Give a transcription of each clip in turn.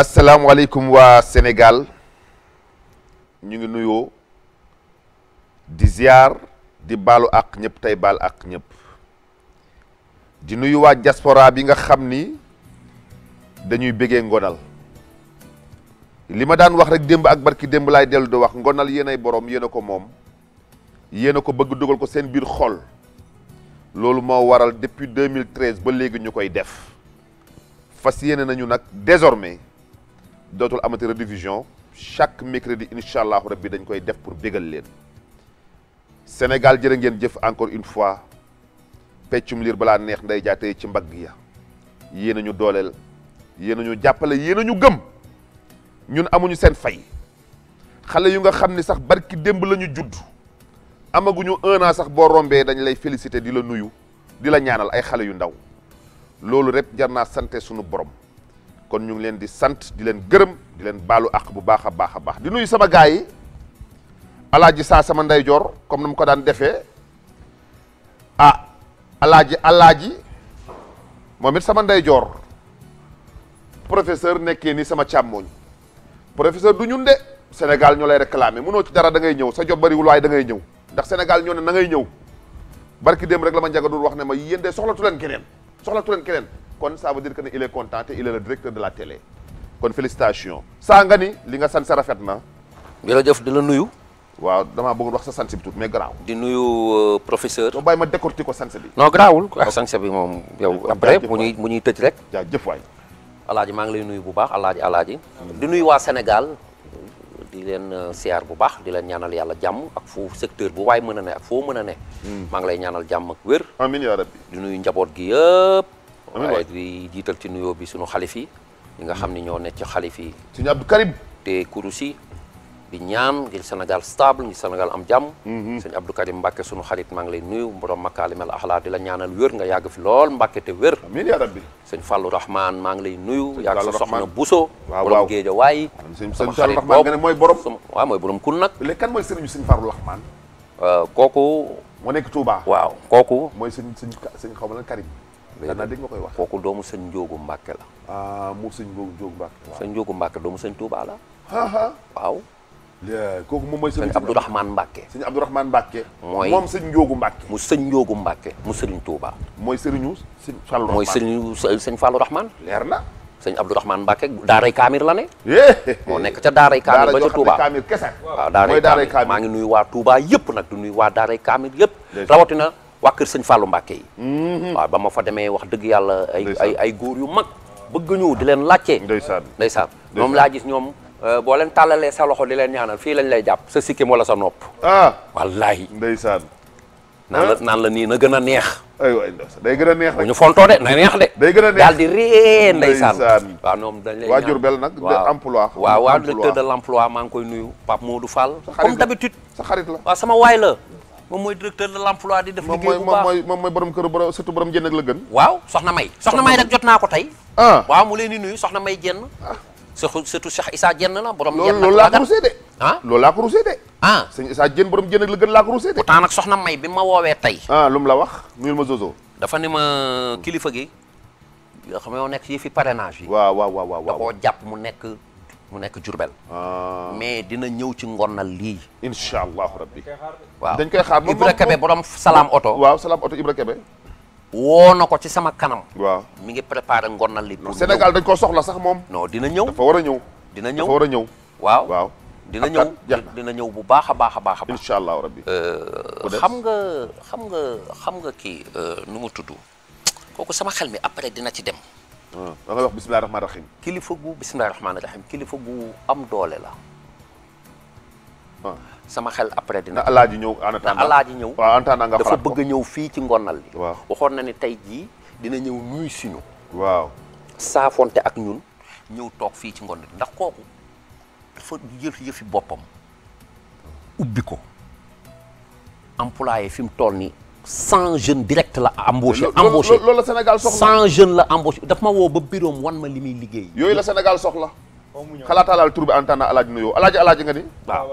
asalaamualeykum waa Sénégal ñu ngi nuyoo di ziar di baalu ak ñëpp tey baal ak ñëpp di nuyu waa diaspora bi nga xam ni dañuy bëggee ngonal li ma daan wax rek démb ak barki démb laay dellu di wax ngonal yéen ay borom yéen ko moom yéen a ko bëgg dugal ko seen biir xol loolu moo waral depuis 2013 ba léegi ñu koy def fas yéene nañu nag désormais dootul amati rediffusion chaque mercredi incha allahu rabbi dañ koy def pour bégal leen Sénégal jërë ngeen jëf encore une fois peccum liir balaa neex nday jaatee ci mbagg ya yéen a ñu dooleel yéen a jàppale yéen a ñu gëm ñun amuñu seen fay xale yu nga xam ni sax barki démb la ñu judd amaguñu un sax boo rombee dañ lay félicité di la nuyu di la ñaanal ay xale yu ndaw loolu rek jar naa sante suñu borom kon ñu ngi leen di sant di leen gërëm di leen baalu àq bu baax a baax a baax di nuy sama gaay yi alaaji saa sama ndeyjoor comme ni mu ko daan defee ah alaaji alaaji moom it sama ndeyjoor professeur nekkee ni sama càmmooñ professeur du ñun de Sénégal ñoo lay réclamer munoo ci dara da ngay ñëw sa job bariwul waaye da ñëw ndax Sénégal ñoo ne na ngay ñëw barki dem rek la ma njaga dul wax ne ma yéen soxlatu leen keneen soxla tu keneen kon ça veut dire que ne il est content te il est le directeur de la télé kon félicitation saa nga ni li nga sant sa rafet na jëf di la nuyu waaw damaa bëggoon wax sa sanse bi tuut mais garaaw di nuyu euh, professeur boo bàyyi ma décorti ko sanse bi noo garaawul waaw ah. sanse bi moom yow après bu ñuy bu ñuy tëj rek jaa jëf waay alaaji maa ngi lay nuyu bu baax alaaji alaaji di nuyu waa Sénégal di leen euh, siyaar bu baax di leen ñaanal yàlla jàmm ak fu secteur bu waay mën a ne ak foo mën ne hmm. maa ngi lay ñaanal jàmm ak wér amiin yaa di nuyu njaboot gi yëpp waaye di jiital ci nuyoo bi suñu xalif yi nga xam ne ñoo ne ci xalif yi suñu Abdou te kurusi di ñaan ngir Sénégal stable ngir Sénégal am jàmm mhm. sëñ Abdou Karim Mbacke sunu xarit maa ngi lay nuyu borom makaalimel axlaa di la ñaanal wér nga yàgg fi lool Mbacke te wér amiin yaa rabbi sëñ Fallou Rahman maa ngi lay nuyu yàgg sa soxna Bousso borom géeja waay sama xarit boobu mooy borom waaw mooy borom kun nag léegi kan mooy sëriñu sëñ Fallou Rahman euh, kooku moo nekk Touba waaw kooku mooy sëñ sëñ sëñ xaw ma lan Karim danaa koy wax kooku doomu sëñ Njóogu Mbacke la ah mu sëñ Njóogu Mbacke sëñ Njóogu Mbacke doomu sëñ Touba la waaw kooku moom mooy sëriñ Abdourahmane Mbacke sëriñ Abdourahmane Mbacke mooy moom sëñ Njoogu Mbacke mu sëñ Njoogu Mbacke mu sëriñ Touba mooy sëriñu sëñ Fallou mooy sëriñu sëñ Fallou Rahmane leer na sëñ Abdourahmane Mbacke daaray Kaamir la ne moo nekk ca daaray Kaamir ba ca Touba Kaamir kese waaw daaray maa ngi nuyu waa Touba yëpp nag du nuyu waa daaray Kaamir yëpp rawatina waa kër sëñ Fallou Mbacke yi mm-hmm. waaw ba ma fa demee wax dëgg yàlla ay ay ay góor yu mag bëgg ñëw di leen laajte ndeysaan ndeysaan moom laa gis Euh, boo leen tàllalee sa loxo di leen ñaanal fii lañ lay jàpp sa sikkim wala sa nopp. ah wallaahi. ndeysaan. naan la ah. naan la nii na gën a neex. aywa day gën a neex rek ñu fontoo de na neex de. day gën a neex daal di ree ndeysaan. waaw ñoom dañ lay ñaan waajur bel nag. de emploi waaw waaw directeur de maa ngi koy nuyu Pape Modou Fall. comme d' sa xarit la waaw sama waay la. moom mooy directeur de l'emploi di def liggéey bu baax moom mooy moom borom kër borom surtout borom jën ak la gën. waaw soxna May. soxna May nag jot naa ko tey. Ah. waaw mu leen di May jenn ah. surtout Cheikh Issa Dieng la borom. Dieng loolu laa ko rusee de. ah loolu laa ko ah. borom Dieng la gën laa ko rusee de. pourtant nag soxna May bi ma woowee tey. ah lu mu la wax ñu ma Zozo. dafa ni ma kilifa gi yoo xam ne yoo nekk yëfi parrainage yi. waaw waaw waaw waaw da jàpp mu nekk mu nekk Jurbel. Ah. mais dina ñëw ci ngonal lii. incha allahu rabbi. waaw Ibra Kebe borom oto. waaw salaam oto Ibra Kebe. woo na ko ci sama kanam. waaw mi ngi préparé ngonal li. pour Sénégal dañ ko soxla sax moom. non dina ñëw dafa war a ñëw. dina ñëw war a ñëw. waaw waaw. dina ñëw dina ñëw bu baax a baax a baax a baax. incha allahu rabbi. Euh, xam nga xam nga xam nga kii euh, nu mu tudd kooku sama xel mi après dina ci dem. Ah, da nga wax bisimilah rahmaani rahim. kilifa gu bisimilah rahmaani rahim kilifa gu am doole la. sama xel après dina. na alaaji ñëw en attendant na ñëw. waaw en attendant nga dafa bëgg a ñëw fii ci ngonal li waaw waxoon na ni tey jii dina ñëw nuyu si ñu. waaw saafonte ak ñun ñëw toog fii ci ngonal ndax kooku dafa yëf yëfi boppam ubbi ko employé fi mu toll nii. cent jeunes direct la embauché. embauché loolu la Sénégal soxla cent jeunes la embauché daf ma woo ba bureau wan ma li muy liggéey. yooyu la Sénégal soxla. xalaataalal tur bi en attendant alaaji nuyoo alaaji alaaji nga ni waaw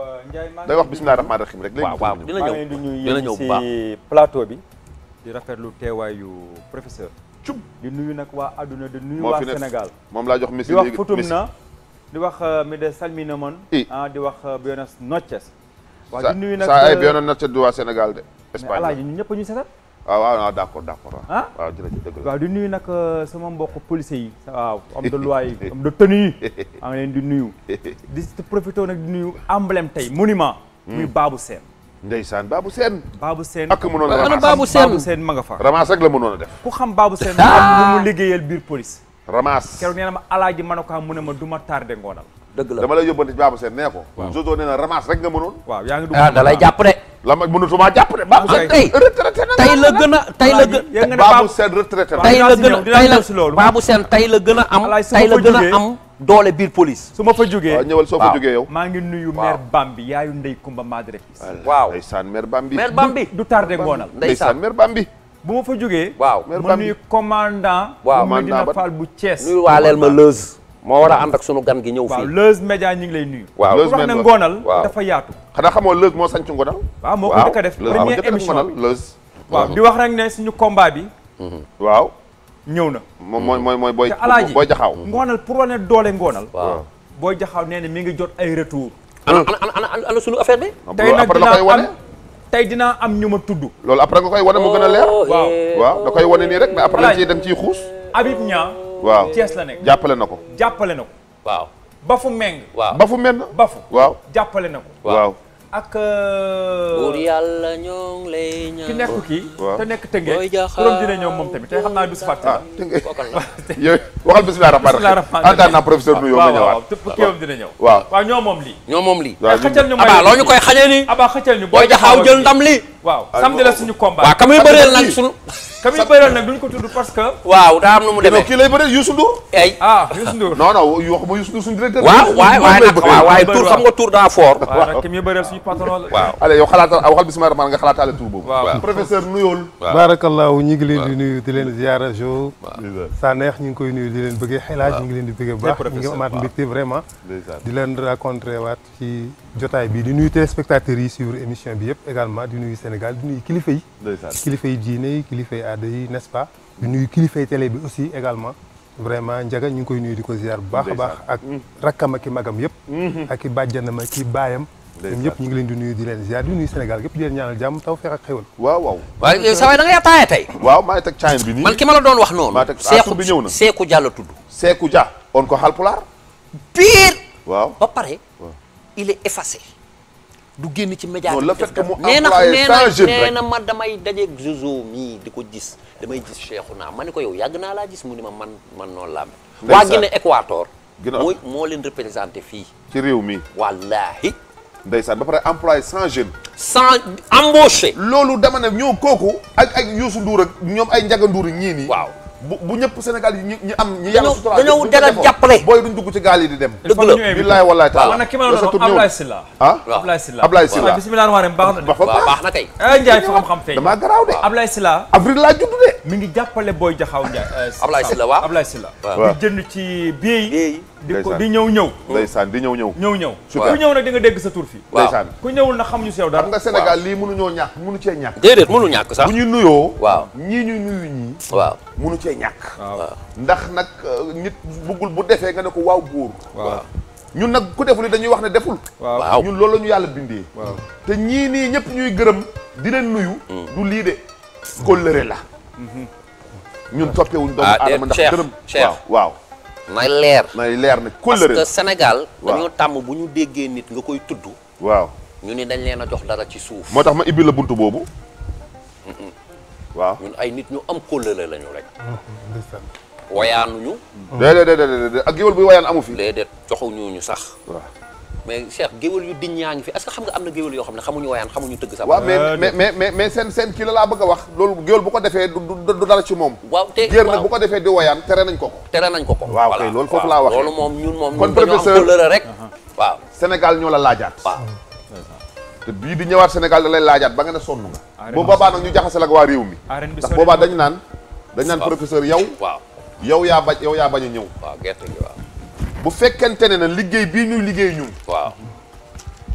day wax bismillah rahmaani rahim rek léegi waaw dina ñëw dina ñëw si plateau bi di rafetlu teewaayu professeur cub di nuyu nag waa adduna di nuyu waa Sénégal moom laa jox Messi di wax futum na di wax euh, mi de salmina mon ah di wax euh, buenas noches waaw di nuyu nag sa ay euh, noches du waa Sénégal de Espagne alaaji ñëpp Ah, waaw ah, waaw waaw d' accord d' accord waaw. waaw jërëjëf dëgg la waaw di nuyu nag euh, sama mbokk policiers yi. waaw homme de loi yi homme de tenue yi. maa ngi leen di nuyu. di profité nag di nuyu emblème tey monument. Hmm. muy Babou Sène. ndeysaan Babou Seen. Babou Seen ak mënoon a ramasse Babou Seen Babou Seen ma nga fa. ramasse rek la mënoon a def. ku xam Babou Seen. ah mu liggéeyal biir police. ramasse keroog nee na ma alaaji ma ne ko mu ne ma du ma tardé ngoonal. dëgg la dama lay yóbbante Babou Seen nee ko. waaw Jojo nee na ramasse rek nga mënoon. waaw yaa ngi dugg ah da lay jàpp de. la ma mënatumaa jàpp de. baabu seen retraité na tey la a tey la gën baabu seen retraité na tey la a tey la baabu seen tey la gën a am tey la gën a am doole biir police su ma fa jógee waaw ñëwal soo fa jógee yow maa ngi nuyu maire Bambi yaayu Ndey Kumba Madre waaw ndeysaan maire Bambi maire Bambi du tardé ngoonal ndeysaan maire Bambi bu ma fa jógee waaw ma nuyu commandant ma commandant Fall bu Thiès nuyu waaleel ma lëz moo war a ànd ak sunu gan gi ñëw fii. waaw Leuz Média ñu ngi lay nuyu. waaw Leuz Média wax na Ngonal dafa yaatu. xanaa xamoo Leuz moo sanc Ngonal. waaw moo ko njëkk a def première émission waaw bi wax rek ne suñu combat bi. Mhm. waaw. ñëw na. moom mooy mooy mooy booy. booy jaxaaw mhm. Ngonal pour wane doole Ngonal. waaw booy jaxaaw nee na mi ngi jot ay retour ana ana ana suñu affaire bi. Ah, tey nag dinaa am tey am ñu ma tudd. loolu après nga koy wane mu gën a leer. Oh, waaw waaw da koy wane nii rek mais après lañ ciy dem ciy xuus. Habib ñaa waaw Thiès la nekk jàppale na ko jàppale na ko waaw Bafu Meng waaw Bafu Meng Bafu waaw jàppale na ko waaw ak euh, buur yàlla ñoo ngi lay ñaan ki nekk kii te nekk tënge turam dina ñëw moom tamit te xam naa du si fàtte ah, tënge yooyu waxal bismillah rahmaan rahim antaan naa professeur du yow nga ñëwaat kiiwam dina ñëw waaw waaw ñoo moom lii ñoo moom ñu may abaa loo ñu koy xañee nii abaa xëccal ñu booy jaxaaw jël ndam lii waaw samedi suñu combat waaw ka muy bëreel nag suñu tamit bëral nag duñ ko tudd parce que. waaw daa am nu mu demee kii lay bëre Youssou Ndour. ay ah Youssou Ndour. non non waxuma Youssou Ndour suñu directeur. waaw waaye waaye nag waaw waaye tur xam nga tur daa fort. waaw nag ki muy bëreel suñu patron la. waaw allez yow xalaatal waxal bisimilah rahmaan nga xalaatale tur boobu. waaw professeur nuyool. waaw barakallahu ñu ngi leen di nuyu di leen ziara jo. sa neex ñu ngi koy nuyu di leen bëggee xelaaj ñu ngi leen di bëggee bu baax ñu ngi amaat mbégte vraiment di leen rencontré waat ci jotaay bi di nuyu téléspectateurs yi suivre émission bi yëpp également di nuyu Sénégal di nuyu kilifa yi. kilifa yi diine yi kilifa yi aada yi n'est-ce pas. di nuyu kilifa yi télé bi aussi également. vraiment Ndiaga ñu ngi koy nuyu di ko ziar bu baax a baax. ak rakkam ak i magam yëpp. Mm-hmm. ak i bàjjanam ak i baayam. ñoom ñëpp ñu ngi leen di nuyu di leen ziar di nuyu Sénégal yëpp di leen ñaanal jàmm taw feex ak xéwal. waaw waaye eh, saa waay da tey. waaw maa ngi teg caayin man ki ma la doon wax noonu. maa teg atum ah, bi ñëw na Seeku Seeku Dia Seeku Dia on ko Haalpulaar. pire. il est effacé du génn ci média bi. non le fait que mu employé sans jeune na ma damay dajeeg Jojo mii di ko gis damay gis Cheikhouna ma ne ko yow yàgg naa laa gis mu ni ma man man noonu laa mel. waa Guinée Équateur. moo moo leen représenté fii. ci réew mi wallaahi. ndeysaan ba pare employé sans jeune. sans embauché. loolu dama ne ñoo kooku. ak ak Youssou Ndour ak ñoom ay Ndiaga Ndour ñii waaw bu bu ñëpp Sénégal yi ñu am ñu yàlla sutura dañoo dara jàppale booy duñ dugg ci gaal yi dem dëgg la billaay ki ma la doon ah? Ablaye Sylla ah Ablaye bismillah baax na baax na kay eh, Ndiaye fa xam-xam fay avril laa judd de mi ngi jàppale booy Jaxaw Ndiaye. Euh, Ablaye la waaw Ablaye la waaw di jënd ci biey. di di ñëw ñëw. ndeysaan di ñëw ñëw. ñëw ñëw ñëw nag di nga dégg sa tur fii. ndeysaan ku ñëwul nag xamuñu si yow dara. xam nga Sénégal lii mënuñoo ñàkk mënu cee ñàkk. déedéet mënu ñàkk sax ñu nuyoo. waaw ñii ñu nuyu ñii. waaw cee ñàkk. ndax nag euh, nit bëggul bu defee nga ne ko waaw góor. waaw ñun nag ku deful dañuy wax ne deful. waaw ñun loolu la ñu yàlla bindee. te ñii nii ñëpp ñuy gërëm di leen nuyu. Mm. du lii de kóllëre la ñun toppewuñ doomu ah, eh, aadama ndax dërëm waaw waaw nay leer nay leer nag kóllëre senegal que Sénégal tàmm bu ñu déggee nit nga koy tudd waaw ñu ni dañ leen a jox dara ci suuf moo tax ma ibbi la bunt boobu waaw ñun ay nit ñu am kóllëre lañu rek mm-hmm. wayaanuñu déedéet déedéet ak géwél buy wayaan amu fi déedéet joxuñu ñu sax mais Cheikh géwél yu diñ yaa ngi fi est xam nga am na géwél yoo xam ne xamuñu wayaan xamuñu tëgg sax waaw mais euh, mais mais mais seen kii la laa bëgg a wax loolu géwél bu ko defee du dara ci moom géer nag bu ko defee di wayaan tere nañ ko ko tere nañ ko ko waaw kay loolu foofu laa wax loolu moom ñun moom kon professeur rek uh-huh. waaw Sénégal ñoo la laajaat waaw te bii di ñëwaat Sénégal da lay laajaat ba nga ne sonn nga boo waa dañu naan dañ naan professeur yow yow yaa bañ yow yaa bañ a ñëw waaw gerte gi waaw bu fekkente ne na liggéey bii ñuy liggéey ñun. waaw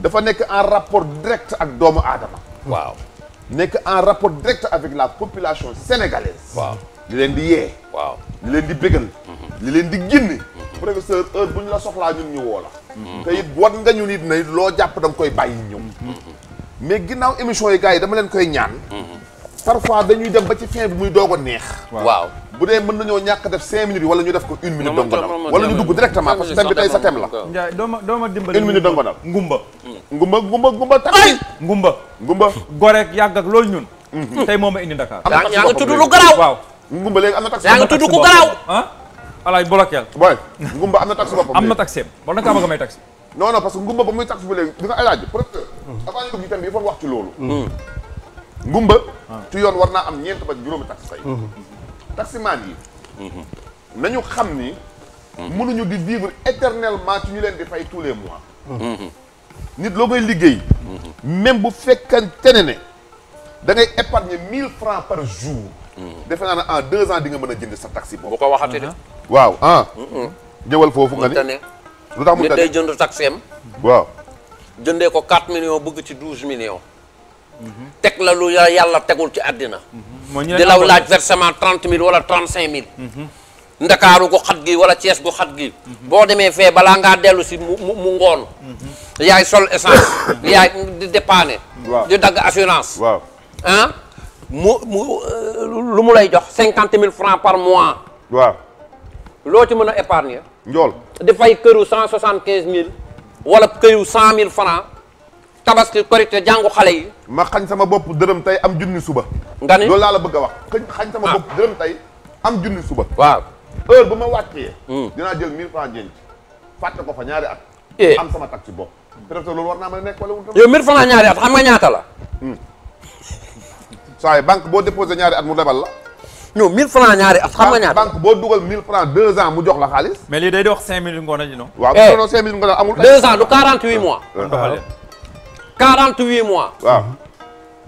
dafa nekk en rapport direct ak doomu aadama. waaw nekk en rapport direct avec la population sénégalaise. waaw li leen di yee. waaw li leen di bégal. Mhm. li leen di génne. Mhm. professeur heure bu ñu la soxlaa ñun ñu woo la. Mhm. te it wan nga ñu nit ne loo jàpp da nga koy bàyyi ñoom. mais ginnaaw émission yi gars yi dama leen koy ñaan. parfois dañuy dem ba ci fin bi muy doog a neex. waaw bu dee mën nañoo ñàkk def cinq minutes wala ñu def ko une minute dongonal wala ñu dugg directement parce que thème bi tey sa thème la Ndiaye dooma dooma dimbali une minute dongonal ngumba ngumba ngumba ngumba taay ngumba loolu ñun mhm. moom a indi Dakar yaa ngi tudd lu garaaw waaw ngumba am na taxi yaa ngi ah? am na taxi boppam am na taxi wala naka parce que ngumba ba muy taxi bi léegi di nga alaaj peut-être avant dugg ci thème bi il wax ci loolu mm. ngumba ah. ci yoon war naa am ñeent ba juróomi taxi tey mm-hmm. taximaan yi. Mhm. nañu xam ni. Mhm. mënuñu di vivre éternellement ci ñu leen di fay tous les mois. Mhm. nit loo koy liggéey. même bu fekk ne ne da ngay épargner mille francs par jour. defe naa ne en deux ans di nga mën a jënd sa taxi boobu. bu ko waxatee de. Uh-huh. waaw ah. ñëwal foofu nga ni lu tax mu tane nit day jënd taxi waaw. jëndee ko 4 millions bëgg ci 12 millions. teg la lu la yàlla tegul ci àddina di law laaj versement trente mille wala trente cinq mille ndakaaru gu xat gi wala Thiès gu xat gi boo demee fee balaa ngaa dellu si mu mu ngoon yaay sol essence yaay di dépanner di dagg assurance ah mu mu euh, lu mu lay jox cinquante mille francs par mois waaw loo ci mën a épargner njool di këru cent soixante quinze mille wala këru cent mille francs tabaski korite jàngu xale yi. ma xañ sama bopp dërëm tey am junni suba. nga ni loolu laa la bëgg a wax. Ah. xañ sama bopp dërëm tey am junni suba. waaw bu ma wàccee. Hmm. dinaa jël 1000 francs denc fàtte ko fa ñaari at. Eh. am sama taksi bopp. peut-être loolu war naa mën a nekk wala. yow francs ñaari at xam nga ñaata la. Hmm. saa yi boo déposé ñaari at mu lebal la. non 1000 francs ñaari at xam nga ñaata banque boo dugal 1000 francs 2 mu jox la xaalis. mais lii day dox 5000 ngoone ji noonu. waaw eh. non non 5000 ngoone amul. 2 ans du 48 mois. Ah. 48 mois. waaw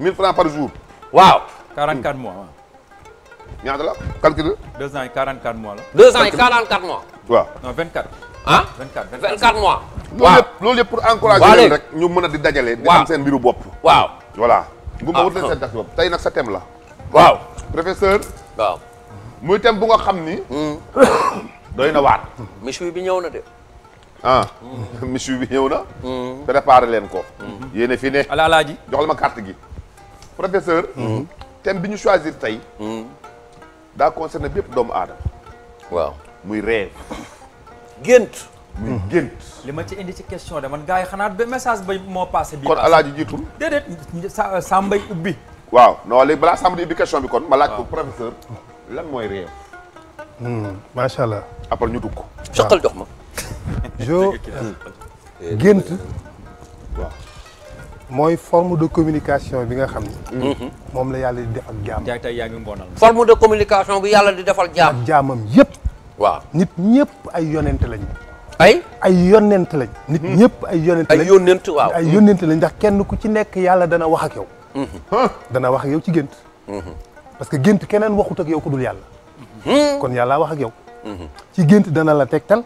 1000 francs par jour. waaw. 44 mois waaw. la calcul. 2 ans et 44 mois la. 2 ans et 44 mois. waaw non mois. waaw loolu pour encourager rek ñu mën a di dajale. di am seen mbiru bopp. waaw voilà. bu ma ah. wut leen seen tax bopp tey nag sa thème la. waaw professeur. muy thème bu nga xam ni. Hmm. doy na waar. monsieur bi ñëw na de. ah monsieur bi ñëw na. Mm-hmm. préparé leen ko. Mm-hmm. yéene fi ne. alaalaaji joxal ma carte gi. professeur. Mm-hmm. thème bi ñu choisir tey. daa concerné bépp doomu aadama. waaw muy rêve. gént. muy gént. li ma ci indi ci question de man gars yi xanaat ba message ba moo passé. bi kon alaaji jiitul. déedéet sa euh, Sambay ubbi. waaw non léegi balaa Samba di ubbi question bi kon. ma laaj ko professeur lan mooy rêve. Hmm, macha allah. après ñu dugg. soxal jox ma. jo gént waaw mooy forme de communication bi nga xam ni moom la yàlla di def ak jaam yaa ngi mboonal forme de communication bi yàlla di defal jaam ak jaamam yëpp waaw nit ñëpp ay yonent lañu ay ay yonent lañ nit hmm. ñëpp ay yonent lañ ay yonent waaw ay yonent lañ ndax kenn ku ci nekk yàlla dana wax ak yow hmm. dana wax ak yow ci gént hmm. parce que gént keneen waxut ak yow ku dul yàlla kon yàlla wax ak yow ci gént dana la tegtal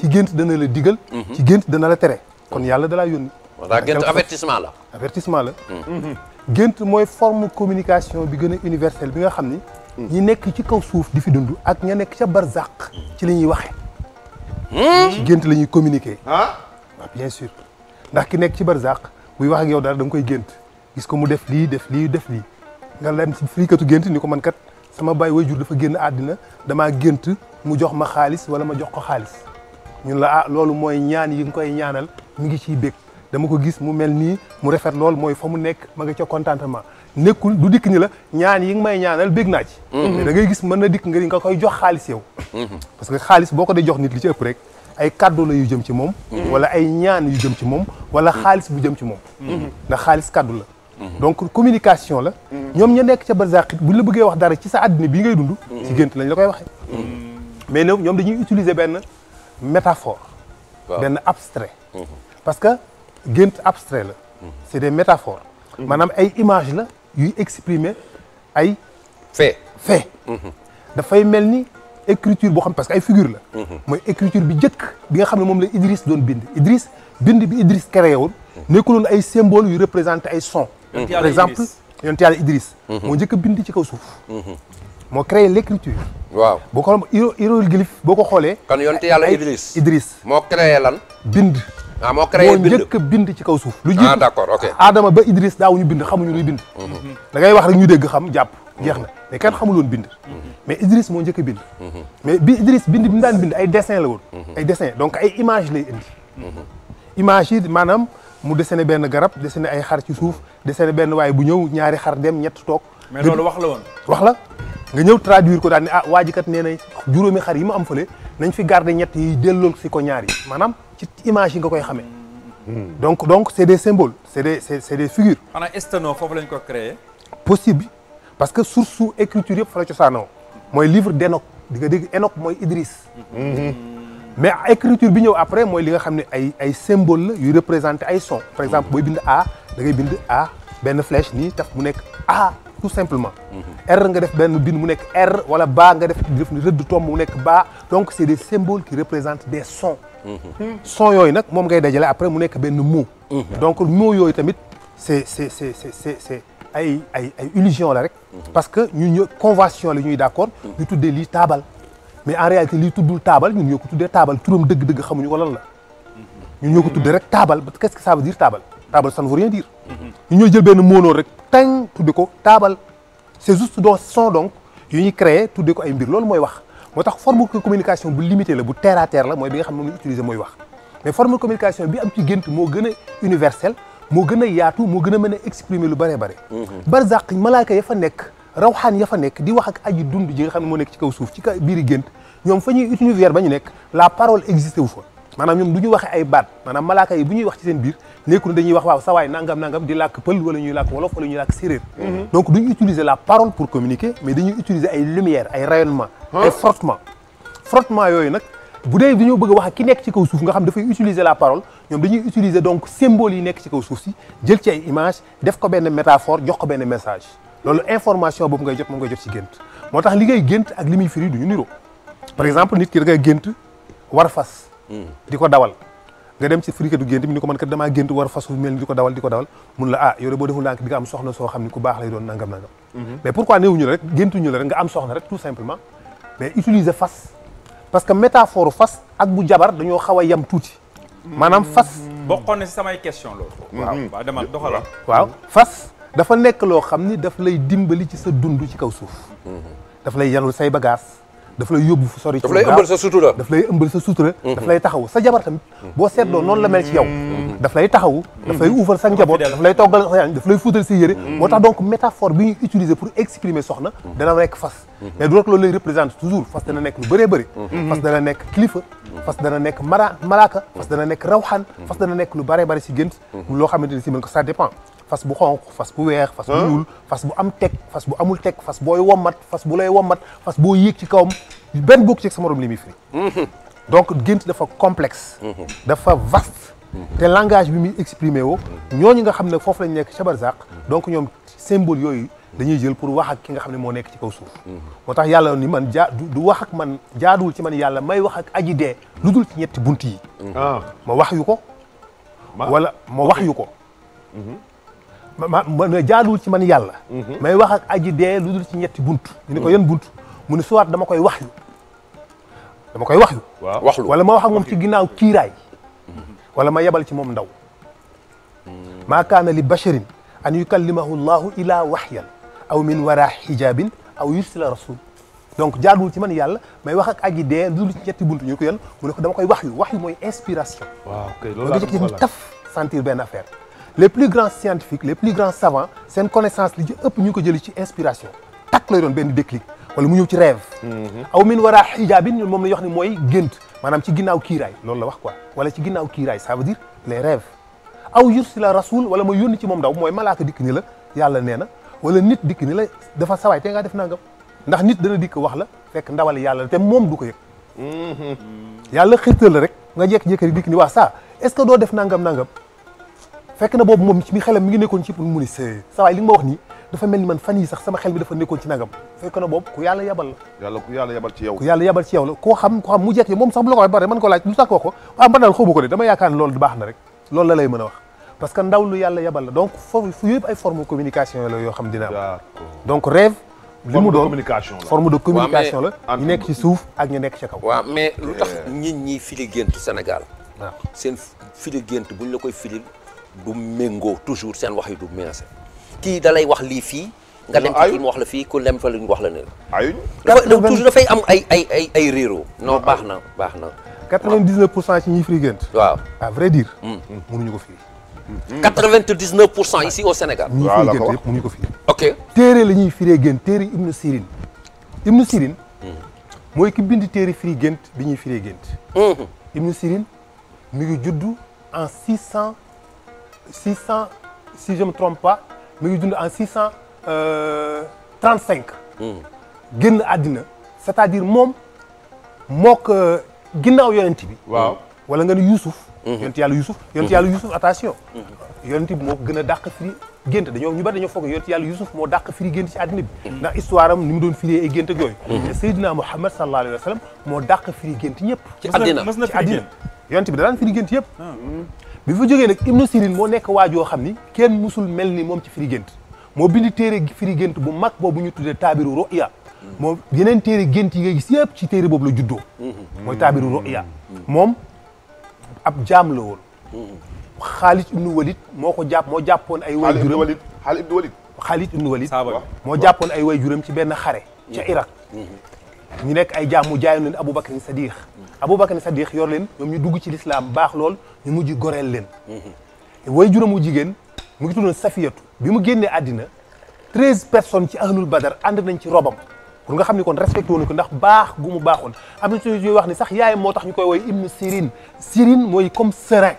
ci gént dana la digal. Mhm. ci gént dana la tere kon yàlla dalaa yónni. daa gént avertissement la. avertissement la. Mhm. Mhm. gént mooy forme communication bi gën a universelle bi nga xam ni. ñi nekk ci kaw suuf di fi dund ak nga nekk ca barzaq ci la ñuy waxee. ci gént lañuy ñuy ah. ah bien ndax ki nekk ci barzaq buy wax yow dara da nga koy gént gis ko mu def lii def lii def lii nga leen ci firikatu gént ni ko man kat sama baay jur dafa génn àddina damaa gént mu jox ma xaalis wala ma jox ko xaalis. ñun la ah loolu mooy ñaan yi nga koy ñaanal mu ngi ciy bég dama ko gis mu mel nii mu rafet lool mooy fa mu nekk ma nga ca contentement nekkul du dikk ni la ñaan yi nga may ñaanal bég naa ci mhm. mais da ngay gis mën na dikk nga nga koy jox xaalis yow mhm. parce que xaalis boo ko dee jox nit li ci ëpp rek ay kaddu la yu jëm ci moom mhm. wala ay ñaan yu jëm ci moom wala xaalis bu jëm ci moom ndax xaalis kaddu la donc communication la ñoom ñu nekk ca barzaq buñ la bëggee wax dara ci sa àddina bi ngay dund ci lañ la koy waxee mais ñoom dañuy utiliser benn métaphore benn abstrait mhm. parce que gént abstrait la mhm. c' est des métaphores mhm. maanaam ay image la yuy exprimer ay fait fait dafay mel ni écriture boo xam parce que ay figure la mooy écriture bi njëkk bi nga xam ne moom la Idriss doon bind Idriss bind bi Idriss créé woon nekkuloon ay symbole yu représenté ay son par exemple yonent yàlla Idriss moo njëkk a bind ci kaw suuf moo créé l'écriture waaw bu ko hiéroglyphe boo ko xoolee. kon yonent yàlla Idriss Idriss. moo créé lan. bind. ah moo créé bind ci kaw suuf. lu ah, jiitu ah d'accord ok. Adama ba Idriss daawuñu bind xamuñu luy bind. Mhm. Mhm. da ngay wax rek ñu dégg xam jàpp. jeex na mais kenn xamul bind. Mhm. mais Idriss moo njëkk bind. mais bi Idriss bind bi mu daan bind ay dessin la woon. ay dessin donc ay image lay image yi maanaam mu dessiné benn garab dessiné ay xar ci suuf dessiné benn waaye bu ñëw ñaari xar dem ñett toog. mais loolu wax la woon. wax la nga ñëw traduire ko daal ne ah waa ji kat nee na juróomi xar yi ma am fële nañ fi garder ñett yi delloo si ko ñaar yi maanaam ci image yi nga koy xamee. Hmm. donc donc c' est des symboles c' est des c' est, c' est des figures. xanaa esteno foofu parce que source su écriture yëpp fa la cosaanoo mooy livre d' Enoch di nga dégg Enoch mooy Idriss. Hmm. mais écriture bi ñëw après mooy li nga xam ne ay ay symbole la yuy représenté ay son par exemple booy bindi A da bindi A benn flèche nii taf mu nekk A. tout simplement. R nga def benn bin mu nekk R wala ba nga def def rëdd tomb mu nekk ba donc c' de des symboles qui représentent des son son yooyu nag moom ngay dajale après mu nekk benn moo donc mot yooyu tamit c' est c' est c' ay ay ay illusion la rek. parce que ñun ñoo convention la ñuy d' accord. ñu tuddee lii taabal. mais en réalité lii tuddul taabal ñun ñoo ko tuddee taabal turam dëgg-dëgg xamuñu ko lan la. ñun ñoo ko tuddee rek taabal que ça veut dire taabal. taabal ça ne veut ñu benn mot rek. teng tudde ko taabal c'est juste donc son donc yu ñu créer tudde ko ay mbir loolu mooy wax moo tax forme de communication bu limité la bu terre à la mooy bi nga xam ne moom utiliser mooy wax mais forme de communication bi am ci gént moo gën a universel moo gën a yaatu moo gën a mën a exprimer lu bare bare mhm. barzaq malaaka ya fa nekk rawxaan ya fa nekk di wax ak aji dund ji nga xam ne moo nekk ci kaw suuf ci biiri gént ñoom fa ñuy utiliser ba ñu nekk la parole existé wu fa maanaam ñoom du ñu waxe ay baat maanaam malaaka yi bu ñuy wax ci seen biir nekkul dañuy wax waaw sawaay nangam nangam di làkk pël wala ñuy làkk wolof wala ñuy làkk séeréer mhm. donc duñu utiliser la parole pour communiquer mais dañuy utiliser ay lumière ay rayonnement ay frottement frottement yooyu nag bu dee dañoo bëgg a wax ki nekk ci kaw suuf nga xam dafay utiliser la parole ñoom dañuy utiliser donc symbole yi nekk ci kaw suuf si jël ci ay image def jox ko benn message loolu information boobu ngay jot moom ngay jot ci gént moo tax li ngay gént ak li muy firi duñu niroo par nit ki da ngay gént war fas di ko dawal nga dem ci frikatu gént mi ni ko man kat damaa gént war fas wu mel ni di ko dawal di ko dawal mun la ah yow de boo deful ndànk di nga am soxna soo xam ni ku baax lay doon nangam nangam mhm. mais pourquoi néewuñu la rek géntuñu la rek mais utiliser fas parce que métaphore fas ak bu jabar dañoo xaw a yem tuuti maanaam fas mhm. bokkoon na si samay question loolu mhm. waaw waaw demal doxala waaw fas dafa nekk loo xam ni daf lay dimbali ci sa dund ci kaw suuf daf lay yanul say bagaas daf lay yóbbu fu sori. daf lay ëmbal sa sutura daf lay mm-hmm. taxawu sa jabar tamit mm-hmm. boo seetloo noonu la mel ci yow. Mm-hmm. daf lay taxawu. daf lay uufal sa njaboot daf lay toggal sa yaay daf lay fuutal sa yére. moo tax donc métaphore bi ñuy utiliser pour exprimer soxna. dana nekk fas. mais du rek loolu lay représente toujours fas dana nekk lu bëree bëri. fas dana nekk kilifa. fas dana nekk mara fas dana nekk rawxaan. fas dana nekk lu bëree bëri si gént. loo xamante ni si mën ko ça dépend fas bu xonq fas bu weex fas bu ñuul fas bu am teg fas bu amul teg fas booy wommat fas bu lay wommat fas boo yéeg ci kawam benn bokk ci sa morom li muy firi mhm. donc gént dafa complexe mhm. dafa vaste mhm. te langage bi muy exprimer woo ñooñu nga xam ne foofu lañ nekk ca barzaq donc ñoom symbole yooyu dañuy jël pour wax ak ki nga xam ne moo nekk ci kaw suuf moo tax yàlla ni man jaa du wax ak man jaaduwul ci man yàlla may wax ak aji dee lu dul ci ñetti bunt yi ah. ma wax yu ko wala ma wax yu ko ma jaaduwul ci man yàlla mhm. may wax ak aji dee ñetti bunt ñu ni ko dama koy wax dama koy wax yu waxlu wala ma wax ci ginnaaw kiiraay mhm. wala ma yebal ci moom ndaw mhm. maa kaana li basharin an yukallimahu llahu ila waxyan aw min wara hijabin aw yursila rasul donc jaaduwul ci man yàlla may wax ak aji dee lu dul ci ñetti bunt ñu ko yan ko dama koy wax yu wax yu mooy inspiration waaw kay loolu laa doon taf sentir benn affaire les plus grands scientifiques les plus grands savants seen connaissance li ci ëpp ñu ko jëli ci inspiration takk lay doon benn déclic wala mu ñëw ci rêve mhm. aw min war a xijaabin ñun moom la ñu wax ni mooy gént maanaam ci ginnaaw kiiraay loolu la wax quoi wala ci ginnaaw kiiraay ça veut dire les rêves aw yursila rasul wala ma yónni ci moom ndaw mooy malaaka dikk ni la yàlla neena na wala nit dikk ni la dafa sawaay te ngaa def nangam ndax nit dana dikk wax la fekk ndawal yàlla te moom du ko yëg mhm. yàlla xirtal la rek nga jékki-jékki dikk ni waa ça est-ce que doo def nangam nangam fekk na boobu moom mi xelam mi ngi nekkoon ci pour mu ni see sa waay li nga ma wax nii dafa mel ni man fan yi sax sama xel bi dafa nekkoon ci nagam fekk na boobu ku yàlla yabal la ku yàlla yabal ci yow la koo xam mu jekk moom sax bu la ko waxee bare man ko laaj lu tax ko ah, ko waaw de dama yaakaar ne loolu baax na rek loolu la lay mën a wax parce que ndaw lu yàlla yabal la donc foofu yëpp ay forme communication la yoo xam dina am donc rêve li mu doon communication la forme de communication la ñu nekk ci suuf ak ñu nekk ci kaw waaw mais lu tax nit ñi fili gént Sénégal waaw ah. seen fili gént buñ la koy filil du méngoo toujours seen wax yi du menacé kii da lay wax lii fii nga dem ci mu wax la fii ku lem fa lu ñu wax la ne la ayuñu toujours dafay am ay ay ay ah, baax ah. na baax na 99 pour cent ci ñi frigante waaw à vrai dire mënuñu hmm. ko firi 99 hmm. pour cent ici au Sénégal ñi frigante yëpp mënuñu ko firi ok téere la ñuy firee gént téere Ibnu Sirin Ibnu hmm. Sirin mooy ki bind téere firi gént bi ñuy firee gént Ibnu Sirin mi ngi juddu en 600 600 si je me trompe pas mi ngi dund en 635. Euh, hmm. génn àddina c'est-à-dire moom mook euh, ginnaaw yonent bi. waaw wala nga ni Youssouf. Hmm. yonent yàlla Youssouf yonent hmm. yàlla Youssouf attention. yonent bi moo gën a dàq firi gént dañoo ñu bari dañoo foog yonent yàlla Youssouf moo dàq firi gént si àddina bi. ndax histoire am mu doon firi ay gént ak yooyu. te Seydina Mouhamed sallallahu moo dàq firi gént ñëpp. ci àddina ci àddina yonent bi da daan firi gént yëpp. Ah. bi fa jógee nag Ibnu Sirin moo nekk waa joo xam ni kenn musul mel ni moom ci firi gént moo bind téere firi gént bu mag boobu ñu tuddee taabiru ruya moom yeneen téere gént yi nga gis yëpp ci téere boobu la juddoo mooy taabiru ruya moom ab jaam la woon ibnu Walid moo ko jàpp moo jàppoon ay way juram Xaalid ibnu Walid moo jàppoon ay way juram ci benn xare ca Irak mm-hmm. ñu nekk ay jaam mu jaayoon leen Abubakar Sadiq Aboubacar Sadiq yor leen ñoom ñu dugg ci lislaam baax lool ñu mujj goreel leen way juróom wu jigéen mu ngi tuddoon Safiyatu bi mu génnee àddina treize personnes ci ahlul badar ànd nañ ci robam pour nga xam ni kon respecté woon ko ndax baax gu mu baaxoon am na suñuy wax ni sax yaay moo tax ñu koy woy ibnu sirin sirin mooy comme serin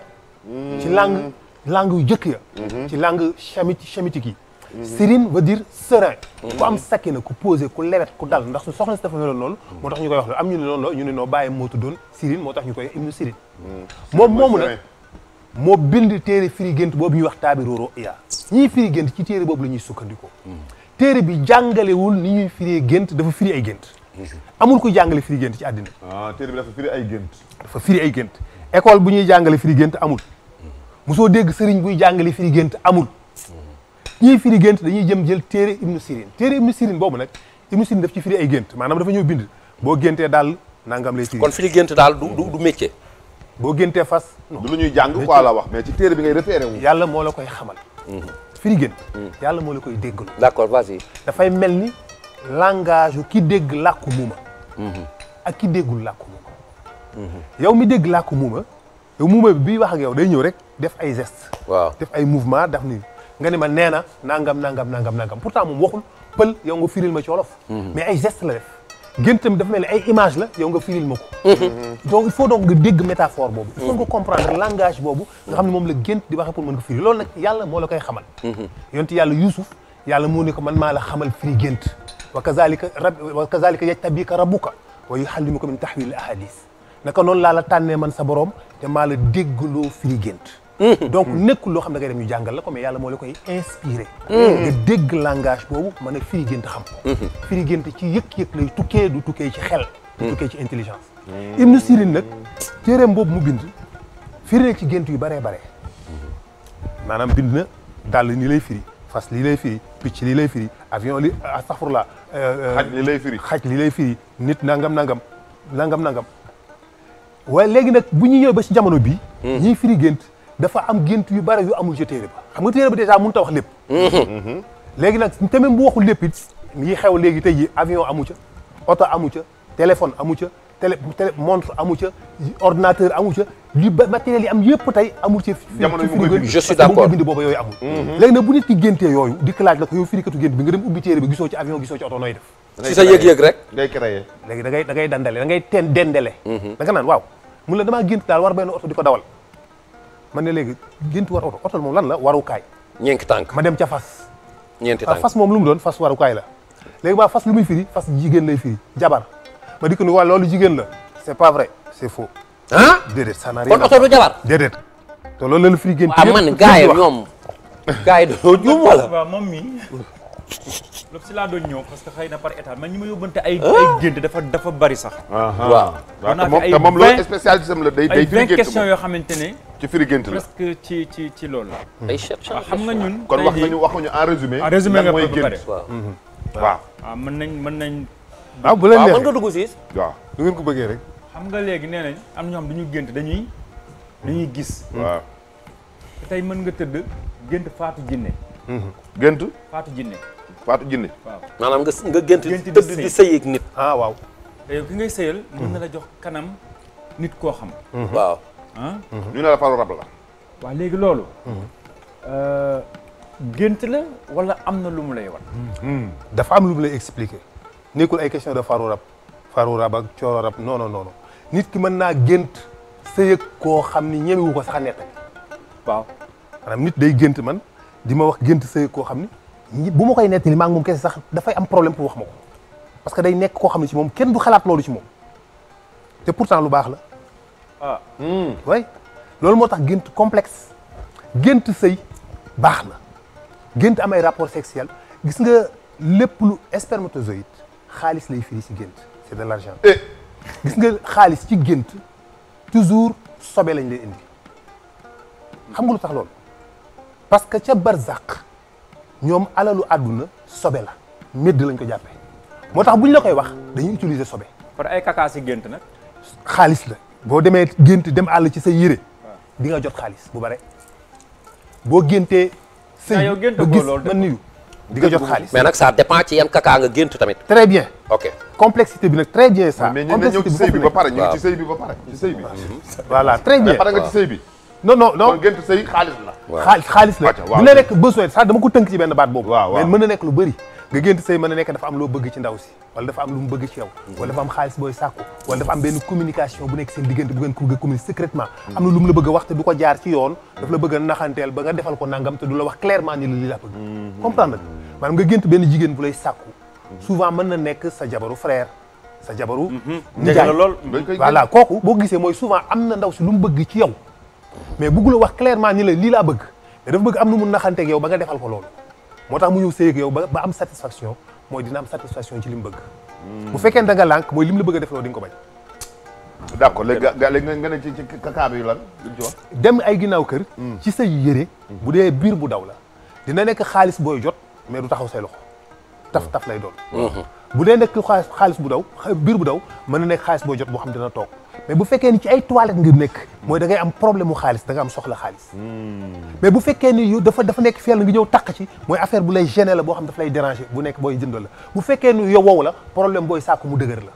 ci lang langue yu jëkk ya mm-hmm. ci langue chami chamitique yi Serine veut dire serein. ku am sakki na ku posé ku lewet ku dal ndax su soxna si dafa meloon noonu. moo tax ñu koy wax lu am ñu ne noonu la ñu ne noo bàyyi moo tuddoon Serine moo tax ñu koy ibnu Serine. Hmm. moom moomu moo bind téere firi gént boobu ñuy wax taabi rooro iya ñiy firi gént ci téere boobu la ñuy sukkandikoo. Hmm. téere bi jàngalewul ni ñuy firi gént dafa firi ay gént. Hmm. amul ku jàngale firi gént ci àddina. ah téere bi dafa firi ay gént. dafa firi ay gént école bu ñuy jàngale firi gént amul. mosoo dégg sëriñ buy jàngale firi gént amul. ñiy firi gént dañuy jëm jël téere ibnu sirin téere ibnu sirin boobu nag ibnu sirin daf ci firi ay gént maanaam dafa ñëw bind boo géntee daal nangam lay firi kon firi gént daal du du métier boo géntee fas du lu ñuy jàng quoi wax mais ci téere bi ngay référé wu yàlla moo la koy xamal mhm. firi gént mhm. yàlla moo la koy déggalu d'accord vas-y dafay mel ni langage yu ki dégg làkku muuma mhm. ak ki déggul làkku muuma yow mi dégg làkku muuma yow muuma bi wax ak yow day ñëw rek def ay geste waaw def ay mouvement daf ni nga ne ma nee na nangam nangam nangam nangam pourtant moom waxul pël yow nga firil ma ci mhm. mais ay geste la def géntam dafa mel ni ay image la yow nga firil ma ko mhm. donc il faut donc nga dégg métaphore boobu il faut nga mhm. comprendre langage boobu nga xam ne moom la gént di waxee pour mën ko firi loolu nag yàlla moo la donc nekkul loo xam ne da ngay dem jàngal la ko mais yàlla moo la koy inspiré mm-hmm. nga dégg langage boobu mën a firi gént xam ko mm-hmm. firi gént ci yëg-yëg lay tukkee du tukkee ci xel du tukkee ci mm-hmm. intelligence Ibnu Sirin nag téeréem boobu mu bind firi na ci gént yu baree bare maanaam bind na dàll ni lay firi fas lii lay firi picc lii lay firi avion li astafurla euh, euh, xaj li lay firi xaj li lay firi nit nangam nangam nangam nangam waaye léegi nag bu ñu ñëw ba ci jamono bii ñiy firi gént dafa am gént yu bare yu amul ci téere ba xam nga téere ba dèjà mënut a wax lépp léegi nag tamit bu waxul lépp it yi xew léegi te ji avion amu ca oto amu ca téléphone amu ca télé télé montre amu ca ordinateur amu ca li ba matériel yi am yëpp tey amul ci firi je yooyu amul mm-hmm. léegi nag bu bi nga dem bi gisoo ci avion gisoo ci oto nooy def si sa yëg-yëg rek ngay créé léegi dangay ngay da ngay dandale da ngay teen dendale mm-hmm. da nga naan waaw mun la damaa gént daal war benn oto di ko dawal man ne léegi géntu war oto oto moom lan la warukaay. ñeenti tànk ma dem ca fas. ñeenti ah, tànk fas moom lu mu doon fas warukaay la. léegi ba fas lu muy firi fas jigéen lay firi jabar ma dikk ni waa loolu jigéen la c'est pas vrai c'est faux. ah déedéet ça n'a rien kon oto du jabar déedéet. te loolu la la firi gént. waaw man gars yi ñoom gars yi dañoo juum wala. waaw moom mii. loolu si laa doon ñëw parce que xëy na par état man ñi ma yóbbante ay ay gént dafa dafa bari sax. Ah, ah. waaw te moom loolu spécialiste am la day day firi gént questions yoo xamante ne. ci firi gént la ci ci ci loolu la. ay ah, xam nga ñun. kon wax nañu wax nañu en résumé. en résumé nga ba pare waaw. Mhm. mën nañ mën nañ. ah bu leen neexee waaw mën nga dugg si. waaw lu ngeen ko bëggee rek. xam nga léegi nee nañ am na ñu xam dañuy gént dañuy gis. Mhm. waaw tey mën nga tëdd gént faatu jinne mhm. gént faatu jinne faatu jinne maanaam nga nga gént tëdd di sëy ak nit ah waaw yow eh, ki ngay sëyal mën na mhm. la jox kanam nit koo xam mhm. waaw ah mhm. la faru léegi loolu euh, gént la wala am na lu mu lay wan dafa am lu mu lay expliquer nekkul ay question de faru rab faru rab ak cooro rab non non nit ki mën naa gént sëy koo xam ni ñemewu ko sax netta waaw nit day gént man di ma wax gént sëy koo xam ni bu ma koy nettali maa ngi moom kese sax dafay am problème pour wax ma ko parce que day nekk koo xam ne ci moom kenn du xalaat loolu ci moom te pourtant lu baax la. ah. Hmm. loolu moo tax gént complexe gént sëy baax na gént am ay rapport sexuel gis nga lépp lu spermatozoïde xaalis lay firi ci gént c'est de l'argent. Eh. gis nga xaalis ci gént toujours sobe lañ lay indi xam nga lu tax loolu parce que ca barzak ñoom alalu àdduna sobe la médd lañ ko jàppee moo tax bu ñu la koy wax dañu utiliser sobe. kon ay kakaas si gént nag. xaalis la boo demee gént dem àll ci sa yére. di nga jot xaalis bu bare. boo géntee. sëy ba gis man niyu di nga jot xaalis mais nag ça dépend ci yan kakaa nga gént tamit. très bien complexité bi nag très bien ça. complexité bi mais ñenn ñëw ci bi ba très bien pare bi. non non non kon gént sëy xaalis la. waaw xaalis la nekk besoin sax dama ko tënk ci benn baat boobu. waaw mais mën na nekk lu bëri. nga gént sëy mën na nekk dafa am loo bëgg ci ndaw si wala dafa am lu mu bëgg ci yow. wala dafa am xaalis benn communication bu nekk seen diggante bu ngeen ko bëgg communiquer secrètement. Hmm. am te du jaar ci yoon. daf la bëgg a nga defal ko nangam te du la wax clairement ni la lii laa bëgg. Hmm. nga maanaam benn jigéen bu lay sàkku. Hmm. souvent mën na nekk sa jabaru frère sa jabaru. njëkk la lool voilà kooku boo gisee mooy souvent am na ndaw si lu mu bëgg ci yow mais bëggu wax clairement ni la lii laa bëgg mais dafa bëgg am nu mu naxanteeg yow ba nga defal ko loolu moo tax mu ñëw sëyeeg yow ba am satisfaction mooy dina am satisfaction ci li mu bëgg hmm. bu fekkee da nga lànk mooy li mu la bëgg a def loolu di ko bañ d'accord léegi nga ne ci kakaa bi lan ci wax dem ay ginnaaw kër hmm. ci say yére hmm. bu dee biir bu daw la dina nekk xaalis booy jot mais du taxaw say loxo taf taf lay doon bu dee nekk xaalis bu daw biir bu daw mën na nekk xaalis booy jot boo xam dina toog mais bu fekkee ni ci ay toilettes ngir nekk mooy da am problème mu xaalis da nga am soxla xaalis hmm. mais bu fekkee ni yu dafa dafa nekk feel ngi ñëw taq ci mooy affaire bu lay gêner la boo xam dafa lay déranger bu nekk booy jënd la bu fekkee ni yow wow la problème booy sàkku mu dëgër la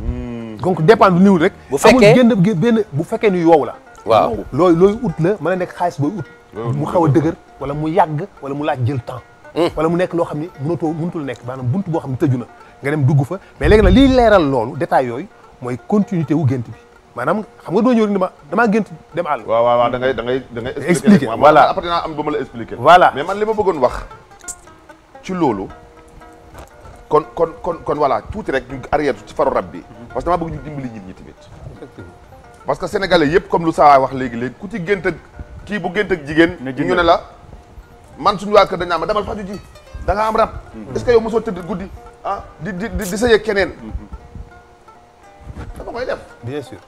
hmm. donc dépendre niwul rek amul génn benn bu fekkee ni yow la waaw looy looy la mën a nekk xaalis booy ut mu xaw a dëgër wala mu yàgg wala mu laaj jël temps hmm. wala mu nekk loo xam ne mënatoo mënatul nekk maanaam buntu boo xam ne tëju na nga dem dugg fa mais léegi nag liy leeral loolu détail yooyu mooy continuité wu gént bi maanaam xam nga doo ñëw rek ni ma damaa gént dem àll. waaw waaw da ngay da ngay da ngay. expliqué voilà après am ba ma la expliqué. voilà mais man li ma bëggoon wax ci loolu. kon kon kon kon voilà tuuti rek ñu arrière ci faru rab bi. Mhm. parce que damaa bëgg ñu dimbali nit ñi tamit. parce que sénégalais yëpp comme lu saa wax léegi léegi ku ci gént kii bu gént ak jigéen. ñu ne la man suñu waa kër dañ naa damal demal faju ji da am rab. Mhm. est-ce que yow tëdd guddi ah di di di sa keneen. Mhm. dama koy def. bien sûr.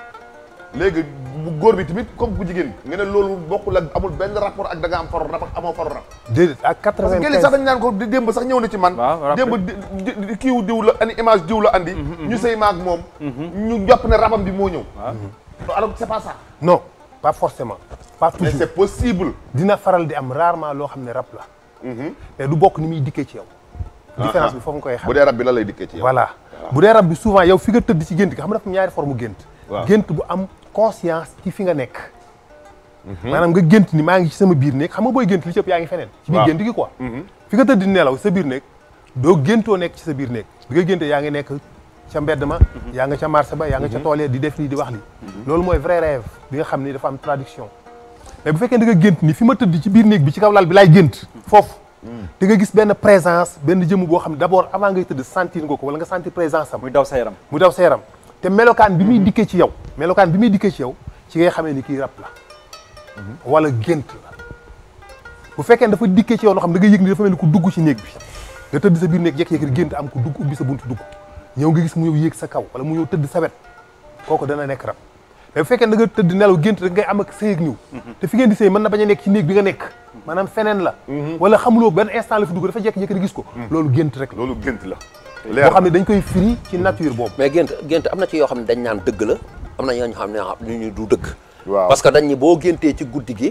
léegi bu góor bi tamit comme bu jigéen bi. ne loolu bokkul ak amul benn rapport ak danga am faru rab ak amoo faru rab. déedéet ak quatre-vingt-quinze parce que sax dañu naan ñëw na ci man. waaw démb kiiw diw la ani image diw la andi. Mhm, mhm. ñu sëy maag moom. Mhm. ñu jàpp ne rabam bi moo ñëw. waaw alors c'est pas ça. non pas forcément. pas toujours mais c'est possible. dina faral di am rarement loo xam ne rab la. mais du bokk ni muy dikkee ci yow. Ah, différence ah. bi foofu nga koy xam bu dee rab bi la lay dikkee ci yow voilà. bu dee rab bi souvent yow fi nga tëdd ci gént gi xam nga dafa ñaari forme gént gént bu am conscience ki fi nga nekk mhm. maanaam nga gént ni maa ngi ci sama biir néeg xam nga booy gént li cëpp yaa ngi feneen ci biir gént gi quoi mhm. fi nga tëdd di nelaw sa biir néeg doo géntoo nekk ci sa biir néeg bi nga yaa ngi nekk ca mbedd ma mhm. yaa nga ca marché ba yaa nga ca tool di def lii di wax li loolu mooy vrai rêve bi nga xam ni dafa am traduction mais bu fekkee da nga gént ni fi ma tëdd ci biir néeg bi ci kaw lal bi laay gént foofu Mm. di nga gis benn présence benn jëmm boo xam ne d' abord avant ngay tëdd sentir nga ko wala nga sentir présence am. muy daw sa yaram muy daw sa te melokaan bi muy mm-hmm. dikkee ci yow. melokaan bi muy dikkee ci yow ci ngay xamee ni kii rab la. Mm-hmm. wala gént la. bu fekkee dafa dikkee ci yow xam da nga yëg ni dafa mel dugg ci néeg bi nga tëdd sa biir néeg jékki-jékki am ku dugg ubbi sa buntu dugg ñëw nga gis mu ñëw yéeg sa kaw wala mu ñëw tëdd sa wet dana nekk rab mais fekkee da tëdd nelaw gént rek ngay am ak sëy ak ñëw mm-hmm. te fi ngeen di sëy mën na bañ a nekk ci néeg bi nga nekk maanaam feneen la mhm. wala xamuloo ban instant la fi dugg dafa jekk-jekk di gis ko mhm. loolu gént rek loolu gént la boo xam ne dañ koy firi ci nature boobu mais gént gént am na ci yoo xam ne dañ naan dëgg la am na yoo xam ne ah, ñu ñu du dëgg waaw parce que dañ ni boo géntee ci guddi gi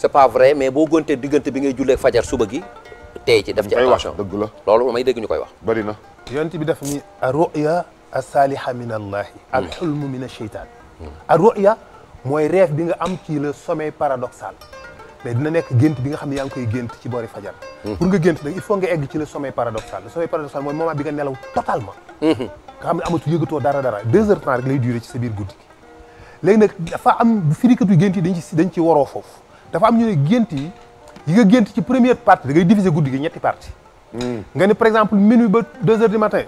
c'est pas vrai mais boo géntee diggante bi ngay jullee fajar suba gi tey ci def ci attention dëgg la loolu may dégg ñu koy wax bari na yonent bi def ni a ruya a saaliha min allahi mm. al xulmu min a cheytaan a ruya mooy rêve bi nga am ci le sommeil paradoxal mais dina nekk gént bi nga xam ne yaa ngi koy gént ci boori fajar hmm. pour nga gént nag il faut nga egg ci le sommeil paradoxal le sommeil paradoxal mooy moment bi nga nelaw totalement hmm. nga xam ne amatu yëgatoo dara dara deux heures temps rek lay durer ci sa biir guddi léegi nag dafa am firikatu gént yi dañ ci dañ ci waroo foofu dafa am ñu ne gént yi yi nga gént ci première partie da ngay guddi gi ñetti partie hmm. nga ne par exemple minuit ba deux heures du matin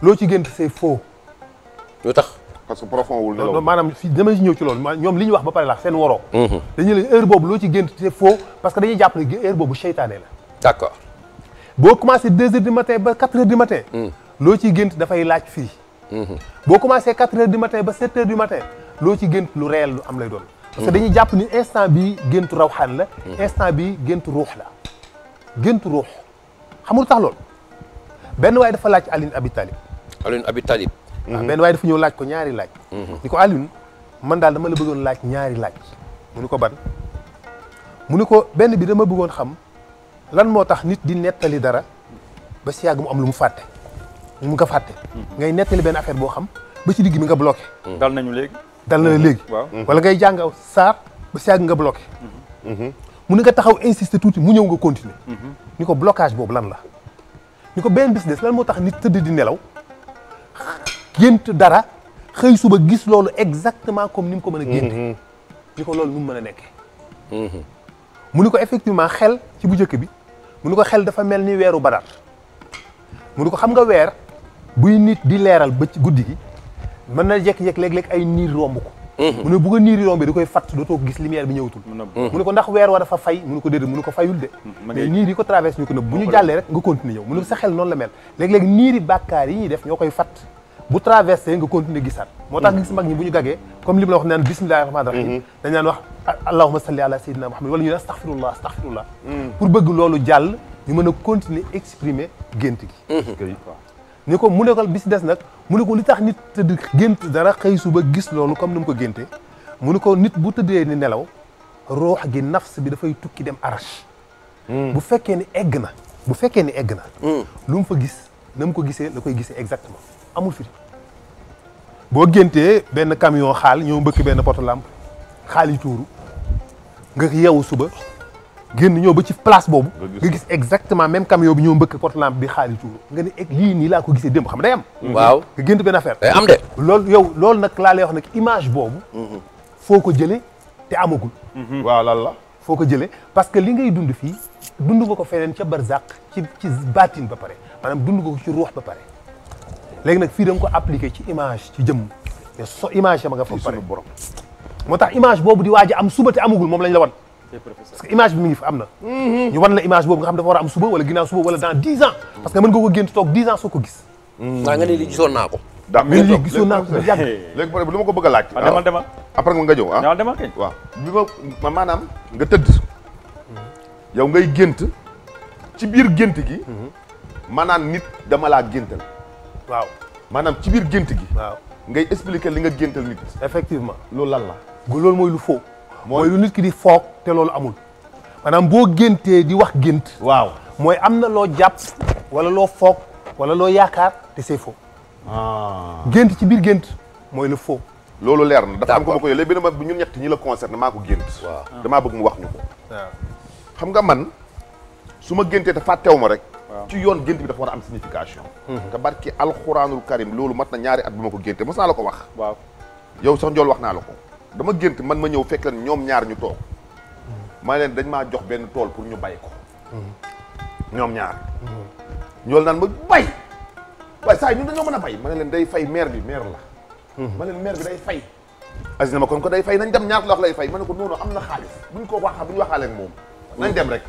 loo ci gént c'est faux lu tax parce que profond wul ne la maanaam fii dama si ñëw ci loolu ñoom li ñu wax ba pare la seen waroo mhm. parce que dañuy jàpp boo commencé deux heures du ba quatre heures du mhm. loo ciy gént dafay laaj fii mhm. boo commencé quatre heures du matin ba sept heures du loo ci gént lu réel lu am lay doon dañuy jàpp ni instant bi géntu rawxaan la instant bi géntu ruux la géntu ruux xamul tax lool benn waaye dafa laaj Alioune Abi Talib Alioune Abi Talib Ah, mhm. benn waaye dafa ñëw laaj ko ñaari laaj mhm. ni ko Alioune man daal dama la bëggoon laaj ñaari laaj mu ni ko ban mu ni ko benn bi dama bëggoon xam lan moo tax nit di nettali dara ba si yàgg mu am lu mu fàtte mu nga fàtte mhm. ngay nettali benn affaire boo xam ba ci digg mi nga bloqué dal nañu léegi dal na la léegi wala ngay jàng aw saar ba si yàgg nga bloqué mu ni nga taxaw insister tuuti mu ñëw nga continuer ni ko blocage boobu lan la ni ko benn business lan moo tax nit tëdd di nelaw gént dara xëy suba gis loolu exactement comme ni mu ko mën a génte ni mhm. ko loolu nu mu mën a nekke mhm. mu ni ko effectivement xel ci bu njëkk bi mu ni ko xel dafa mel ni weeru badar mu ko xam nga weer buy nit di leeral ba ci guddi gi na jekk-jekk léeg-léeg romb ko mhm. mu ne bu ko niir romb bi da koy fatt dootoo gis lumière bi ñëwtul mu ne ko ndax weer war dafa fay mu ne ko déedéet mu ne ko fayul de mais niir yi ko traverse ñu ko nëbb bu ñu jàllee rek nga continuer ñëw mu ne sa xel noonu la mel léeg-léeg niiri bàkkaar yi ñuy def ñoo koy fatt bu traversé nga continuer gisaat moo tax nga mm-hmm. gis mag ñi bu ñu gagee comme li ma la wax naan bismillahi rahmaani rahim mm-hmm. dañ naan wax allahuma salli ala sayyidina muhammad wala ñu ne astaghfirullah astaghfirullah mm-hmm. pour bëgg loolu jàll ñu mën a continuer exprimer gént gi ni ko mu ne ko bis des nag mu ne ko li tax nit tëdd gént dara xëy suba gis loolu comme ni mu ko génte mu ne ko nit bu tëddee ni nelaw roox gi nafs bi dafay tukki dem arache mm. bu fekkee ni egg na bu fekkee ni egg na mm. lu mu fa gis na mu ko gisee la koy gisee exactement amul fi boo géntee benn camion xaal ñëw mbëkk benn poto lampe xaal tuuru nga yeewu suba génn ñëw ba ci place boobu nga gis exactement même camion bi ñëw mbëkk poto lampe bi xaal tuuru nga ne eg lii nii laa ko gisee démb xam day am mhm. waaw nga gént benn affaire day am de loolu loolu nag laa lay nag image boobu mhm. foo ko jële te amagul mhm. waaw foo ko jëlee parce que li ngay dund fii dund ko ko feneen ca barzak ci ci baatin ba pare maanaam dund ko ko ci ruux ba pare léegi nag fii da ko appliqué ci image ci jëmm te so image ma nga borom moo tax image boobu di waaj am suba te amagul moom lañ la wan parce que image bi mi ngi fi am na mhm. ñu wan la image boobu nga xam dafa war a am suba wala ginnaaw suba wala dans dix ans parce mën nga ko gént toog dix ans soo ko gis mhm. waa nga ne li gisoon naa ko ko yàgg léegi par exemple ma ko bëgg a laaj ah, ah. nga ah. maanaam nga tëdd mhm. yow ngay gént ci biir gént gi maanaam nit dama laa géntal waaw maanaam ci biir gént gi waaw ngay expliquer li nga géntal nit effectivement loolu lan la loolu mooy lu faux mooy lu nit ki di foog te loolu amul maanaam boo géntee di wax gént waaw mooy am na loo jàpp wala loo foog wala loo yaakaar te c'est faux ah. gént ci biir gént mooy le foo loolu leer na dafa am ko ma ko yo léeg bi bu ñun ñett ñi la concerné maa ko gént waaw damaa bëgg mu wax ñu ko xam nga man su ma géntee te fàttewu ma rek ci yoon gént bi dafa war a am signification mhm. te barki alxuraanul karim loolu mat na ñaari at bu ma ko génte mos naa ko wax waaw yow sax njool wax naa la ko dama gént man ma ñëw fekk leen ñoom ñaar ñu toog mhm. ma leen dañ maa jox benn tool pour ñu bay ko mhm. ñoom ñaar njool naan ma bay waaye saa yi ñun dañoo mën a bay leen day fay maire bi maire la ma leen meer bi day fay as na ma kon ko day fay nañ dem ñaata la lay fay ma ne ko noonu am na xaalis buñ ko waxaa bu ñu waxaale ak moom nañ dem rek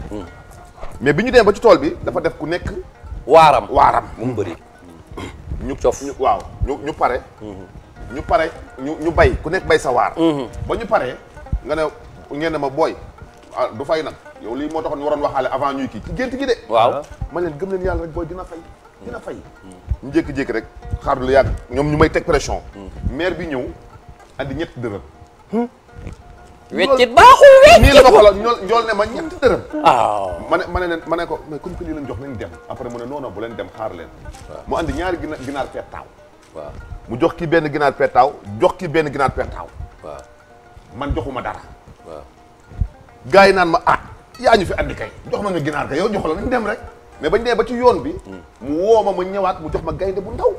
mais bi ñu demee ba ci tool bi dafa def ku nekk. waaram waaram mu bëri. ñu cof ñu waaw ñu ñu pare. ñu pare ñu ñu bay ku nekk bay sa waar. Mhm. ba ñu paree nga ne ngeen ma booy ah du fay nag yow lii moo taxoon waroon waxaale avant ñuy kii ci gént gi de. waaw ma leen gëm leen yàlla rek booy dina fay. dina fay. ñu jékki-jékki rek xaar lu yàgg ñoom ñu may teg pression. Mhm. maire bi ñëw andi ñetti dërëm. Hmm? weccit baaxul weccit nii la ma xoolal ñool ñool ne ma ñetti dërëm. waaw ma ne ma ne ma ne ko mais comme que lii lañ jox nañ dem après mu ne non non bu leen dem xaar leen. mu andi ñaari ginaar ginaar pettaaw. waaw mu jox ki benn ginaar pettaaw jox ki benn ginaar pettaaw. waaw man joxuma dara. waaw gars yi naan ma ah yaa ñu fi andi jox ma ñu ginaar kay yow jox la nañ dem rek mais bañ dee ba ci yoon bi. Hmm. mu ma ma ñëwaat mu jox ma gaynde bu ndaw.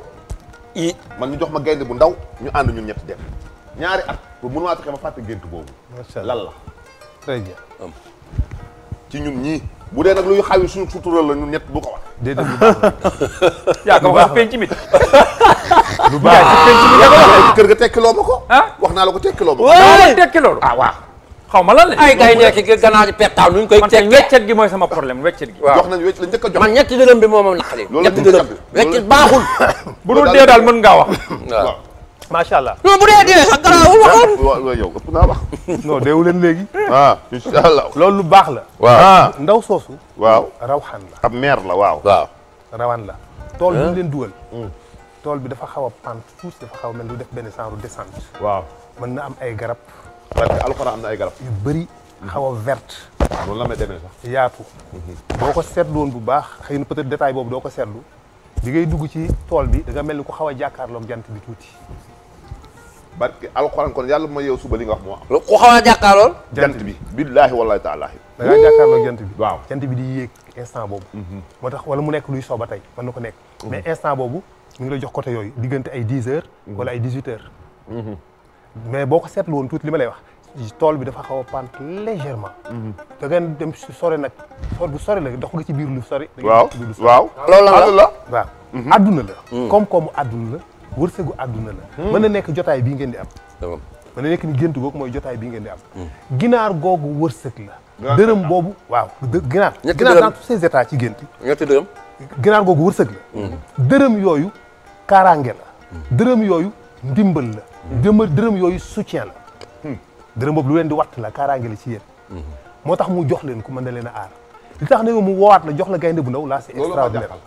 i man ñu jox ma gaynde bu ndaw ñu ànd ñun ñetti dem. ñaari at ba mënumaa a ba fàtte gént boobu. macha allah la. très bien. ci ñun ñii. bu dee nag looy xaw yi suñu la ñun ñett bu ko wax. déedéet bu baax yaa ko wax penc mi. ko. ah naa la ko tekkiloo ma ko. waaw tekkiloo la ah waaw. xaw ma lan la ay gars yi nekk gannaaw di pettaaw nuñ koy. tekki man weccet gi mooy sama problème weccet gi. jox nañ wecc la dee daal mën ngaa wax. waaw macha allah. non bu dee dee sax garaawul leen léegi. ah loolu lu baax la. waaw ah, ndaw soosu. waaw xan la. ab meer la waaw. waaw la. tool bi leen dugal. Hmm. tool bi dafa xaw a pente dafa xaw mel lu def benn genre descente. waaw mën na am ay garab. parce alxuraan am na ay garab. yu bëri xaw a verte. loolu ah, la may demee sax. yaatu. Hmm. boo ko seetlu woon bu baax xëy na peut-être détail boobu doo ko seetlu. di ngay dugg ci tool bi da mel ni ku xaw a jàkkaarloog jant bi tuuti. barke alxuraan kon yàlla ma yow suba li nga wax moo am. ku xaw a jàkkaarlool. jant bi billaahi wallaahi taalaahi. da ngaa jàkkaarlool jant bi. waaw jant bi di yéeg instant boobu. Mm-hmm. moo tax wala mu nekk luy sooba tey mën na ko nekk. Mm-hmm. mais instant boobu mu ngi lay jox côté yooyu diggante ay dix heures. Mm-hmm. wala ay dix huit heures. mais boo ko seet woon tuuti li ma lay wax. tool bi dafa xaw a pente légèrement. da dem si sore nag sore bu sore la dox nga ci biir lu sori. waaw waaw loolu la waaw adduna la. koom-koomu adduna la. wërsëgu àdduna la mën na nekk jotaay bii ngeen di am mën na nekk ni gént googu mooy jotaay bii ngeen di am hmm. ginaar googu wërsëg la dërëm boobu waaw ginaar ginaar dans tous ses états ci gént ginaar googu wërsëg la hmm. dërëm yooyu kaaraange la hmm. dërëm yooyu ndimbal la dëma dërëm yooyu soutien la dërëm boobu lu leen di watt la kaaraange la ci yéen moo tax mu jox leen ku mën na leen a aar li tax na mu woowaat la jox la gaynde bu ndaw laa c'est extraordinaire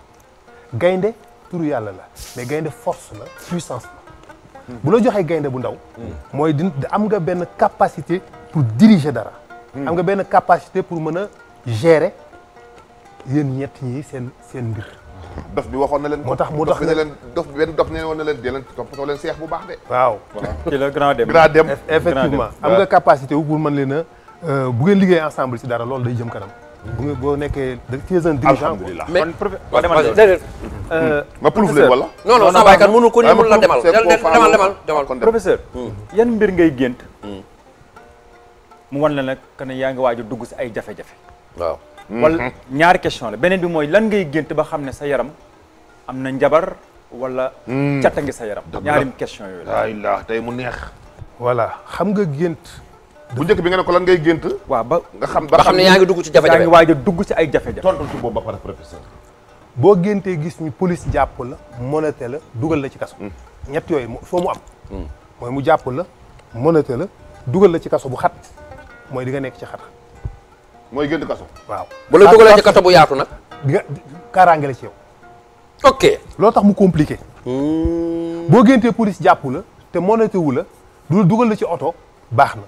gaynde turu yàlla la mais gaynde force la puissance la bu la joxee gaynde bu ndaw mooy di am nga benn capacité pour diriger dara am nga benn capacité pour mën a gérer yéen ñett ñi seen seen mbir dof bi waxoon na leen moo tax moo tax ne leen dof bi benn dof ne woon na leen dee leen toppatoo leen seex bu baax de waaw ci grand dem grand effectivement am nga capacité wu pour mën leen a euh, bu ngeen liggéey ensemble si dara loolu day jëm kanam bu nga boo nekkee da cee un dirigeant. ma prouve leen wala. non non saa waay ko ni mënu la professeur. Hmm. yan mbir ngay gént. Hmm. mu wan la nag que ne yaa ngi waaj a dugg si ay jafe-jafe. waaw. Hmm. ñaari question la beneen bi mooy lan ngay gént ba xam ne sa yaram am na njabar wala. catta ngi sa yaram. ñaari question yooyu la. waaw tey mu neex. voilà xam nga gént. bu njëkk bi nga ne ko lan ngay gént waaw ba nga xam ba xam ne yaa ngi dugg ci jafe a dugg ci ay jafe-jafe tontu ci boobu ba pare professeur boo géntee gis ñu police jàpp la monote la dugal la ci kaso mm. ñett yooyu foo mu am mm. mu jàpp la monote la dugal la ci kaso bu xat mooy di nga nekk ci xat mooy gént kaso waaw bu la dugalee ci kaso bu yaatu nag di nga kaaraange la ci yow ok loo tax mu compliqué mm. boo géntee police jàpp la te monote la du dugal la ci oto baax na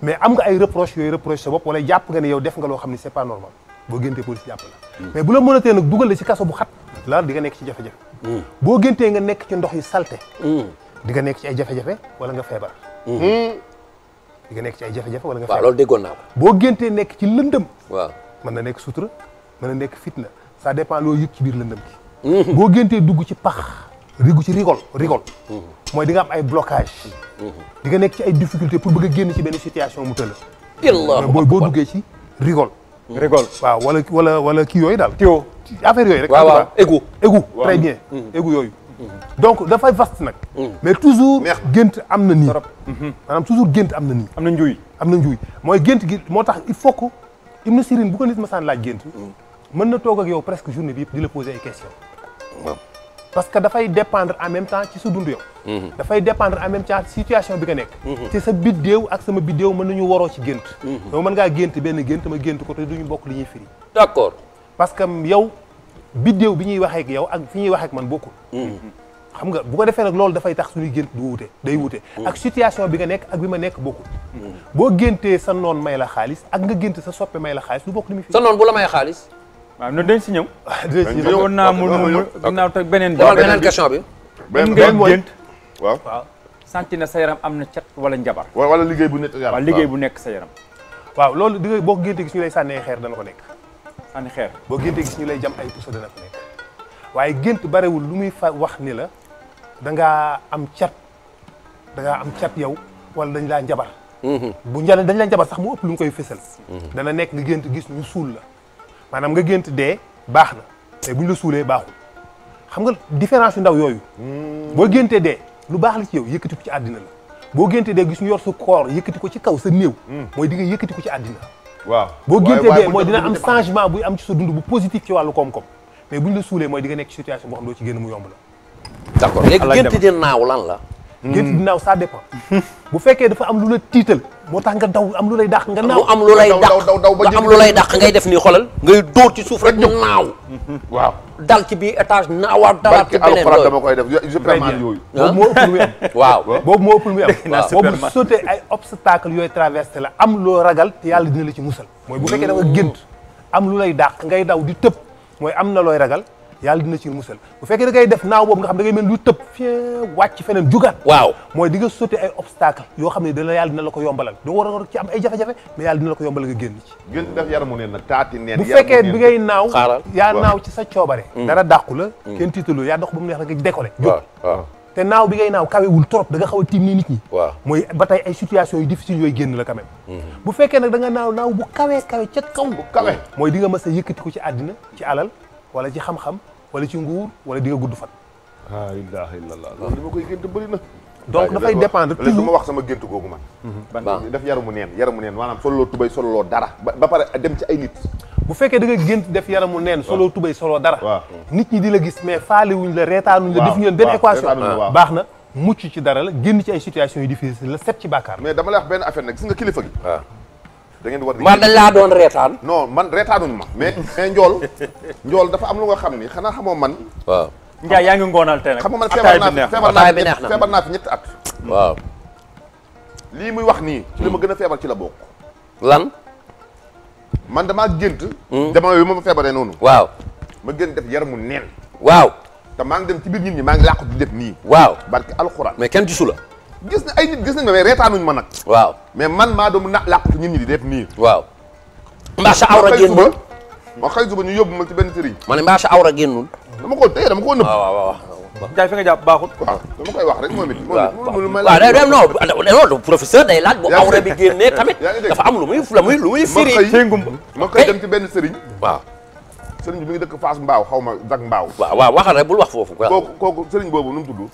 mais am nga ay reproche yooyu reproche sa bopp wala jàpp nga ne yow def nga loo xam ne c'est pas normal boo géntee police jàpp la hmm. mais bu la mënatee nag dugal la ci kaso bu xat nekk ci jafe hmm. boo géntee nga nekk ci ndox yu salté hmm. di nga nekk ci ay jafe wala nga feebar di nga nekk ci ay jafe wala nga feebar waaw loolu déggoon boo géntee nekk ci lëndëm waaw mën na nekk sutura mën na nekk fitna ça dépend loo ci biir lëndëm boo géntee dugg ci pax rigu ci rigol rigol mooy di nga am ay blocage di nga nekk ci ay difficulté pour bëgg a génn ci benn situation mu tëla mais booy boo duggee ci rigole rigole waaw wala wala wala kii yooyu daal tiwo affaire yooyu rek waaw waaw égout égout très mm-hmm. Mm-hmm. yooyu donc dafay vaste nag mm-hmm. mais toujours gént am na nii maanaam toujours gént am na nii am na njuuy am na njuuy mooy gént gi moo tax i faut que Ibn Sirine bu ko nit ma saan laaj gént mën na toog ak yow presque journée bi yëpp di la poser ay questions parce que dafay dépendre en même temps ci su dund yow mhm. dafay dépendre en même temps situation bi nga nekk te mhm. sa biddéew ak sama biddéew mën nañu waroo ci gént mhm. yow mën ngaa gént benn gént ma gént ko te duñu bokk li ñuy firi d'accord parce que yow biddéew bi ñuy waxee ak yow ak fi ñuy waxee ak man bokkul xam nga bu ko defee nag loolu dafay tax suñu gént du wute day wute ak situation bi nga nekk ak bi ma nekk bokkul boo géntee sa noon may la xaalis ak nga gént sa la xaalis du bokk li muy sa noon bu la may waaw noonu dañ si ñëw. dañ si ñëw naa mun mun ginnaaw teg question bi. beneen beneen waaw waaw. santi na sa yaram am na cat wala njabar. wala liggéey bu nekk sa yaram waaw liggéey bu nekk sa yaram. waaw loolu di boo ko géntee gis lay sànnee xeer dana ko nekk. sànni xeer boo géntee gis ñu lay jam ay puso dana ko nekk. waaye gént barewul lu muy fa wax ni la da am cat dangaa am cat yow wala dañ laa njabar. Mhm. bu njëriñ dañ laa njabar sax mu ëpp lu mu koy fësal. Mhm. dana nekk nga gént gis ñu suul la. maanaam nga gént dee baax na mais bu ñu la suulee baaxul xam nga différence yu ndaw yooyu hmm. boo géntee dee lu baax la ci yow yëkkati ko ci àddina la boo géntee dee gis ñu yor sa koor yëkkati ko ci kaw sa néew hmm. mooy di nga yëkkati ko ci àddina waaw boo géntee dee mooy dina am changement buy am ci sa dund bu positif ci wàllu koom-koom mais bu ñu la suulee mooy di nga nekk situation boo xam doo ci génn mu yomb la d'accord léegi gént di naaw lan la gént di naaw ça bu fekkee dafa am lu la tiital moo tax nga daw am lu lay dàq nga naaw am lu lay dàq nga am lu lay dàq ngay def nii xolal ngay dóor ci suuf rek ñu naaw waaw dal ci biir étage naawaat dalaat ci beneen loolu dama koy def superman yooyu boobu moo ëpp lu muy waaw boobu moo ëpp lu muy am boobu sauté ay obstacle yooyu traversé la am loo ragal te yàlla dina la ci musal mooy bu fekkee da nga mm. gént am lu lay dàq ngay daw di tëb mooy am na looy ragal yàlla dina ci musal bu fekkee da def naaw boobu nga xam da ngay mel lu tëb fee wàcc feneen jugaat mooy di nga sotti ay obstacle yoo xam ne dana yàlla dina la ko yombalal doo am ay jafe-jafe mais yàlla dina la ko yombalal nga génn ci gën def yaramu neen nag taati neen bu fekkee bi ngay mm. la mm. kenn tiitalu yaa dox ba mu neex rek nga naaw bi ngay naaw kawewul trop da nga xaw a tiim nii nit ñi mooy ba tey ay situation yu difficile yooyu génn la quand même mm. bu fekkee nag da naaw naaw bu kawee kawe ca kaw mooy di nga mës a yëkkati ko ci àddina ci alal wala ci xam-xam wala ci nguur wala di nga gudd fan. laa ilaaha illallaah loolu li ma koy gént bëri na. donc ma wax sama gént googu man. Mhm. ban def yaramu neen yaramu neen maanaam sololoo tubay sololoo dara ba pare dem ay nit. bu fekkee da nga gént def yaramu neen solo tubay solo dara. nit ñi di la gis mais faalewuñ la reetaanuñ la. waaw defuñu leen benn équation ah. baax na. mucc ci dara la génn ci ay situations yu difficile la set ci bàkkaar. mais dama lay wax benn affaire nag gis nga kilifa gi. Ah. da ngeen war di man dañ laa doon reetaan non man reetaanuñ ma mais mais njool njool dafa am lu nga xam ni xanaa xamoo man waaw Ndiaye yaa ngi ngoonal te nag xam nga man feebar naa feebar naa feebar naa fi ñetti at waaw lii muy wax nii ci li ma gën a feebar ci la bokk lan man damaa gént hmm? jamono yi ma ma feebaree noonu waaw ma gént def yaramu neen waaw te maa ngi dem ci biir nit ñi maa ngi làqu di def nii waaw barke alxuraan mais kenn gisu la gis na ay nit gis nañ ma mais ma nag. waaw mais man maa doon na làqatu nit ñi di def nii. waaw. mbaa sa awra génnul ma xëy suba ñu yóbbu ma ci benn sëriñ. ma ko téye dama ko nëbb. waaw waaw waaw. jaay fi nga jàpp baaxul. waaw dama koy waaw waaw day dem laaj bu awra bi génnee tamit. am lu muy lu muy firi. ma xëy ma xëy dem ci benn sëriñ waaw sëriñ bi mi ngi dëkk Fass Mbaaw xaw ma Zag Mbaaw waaw waaw waxal rek bul wax foofu kooku kooku sëriñ boobu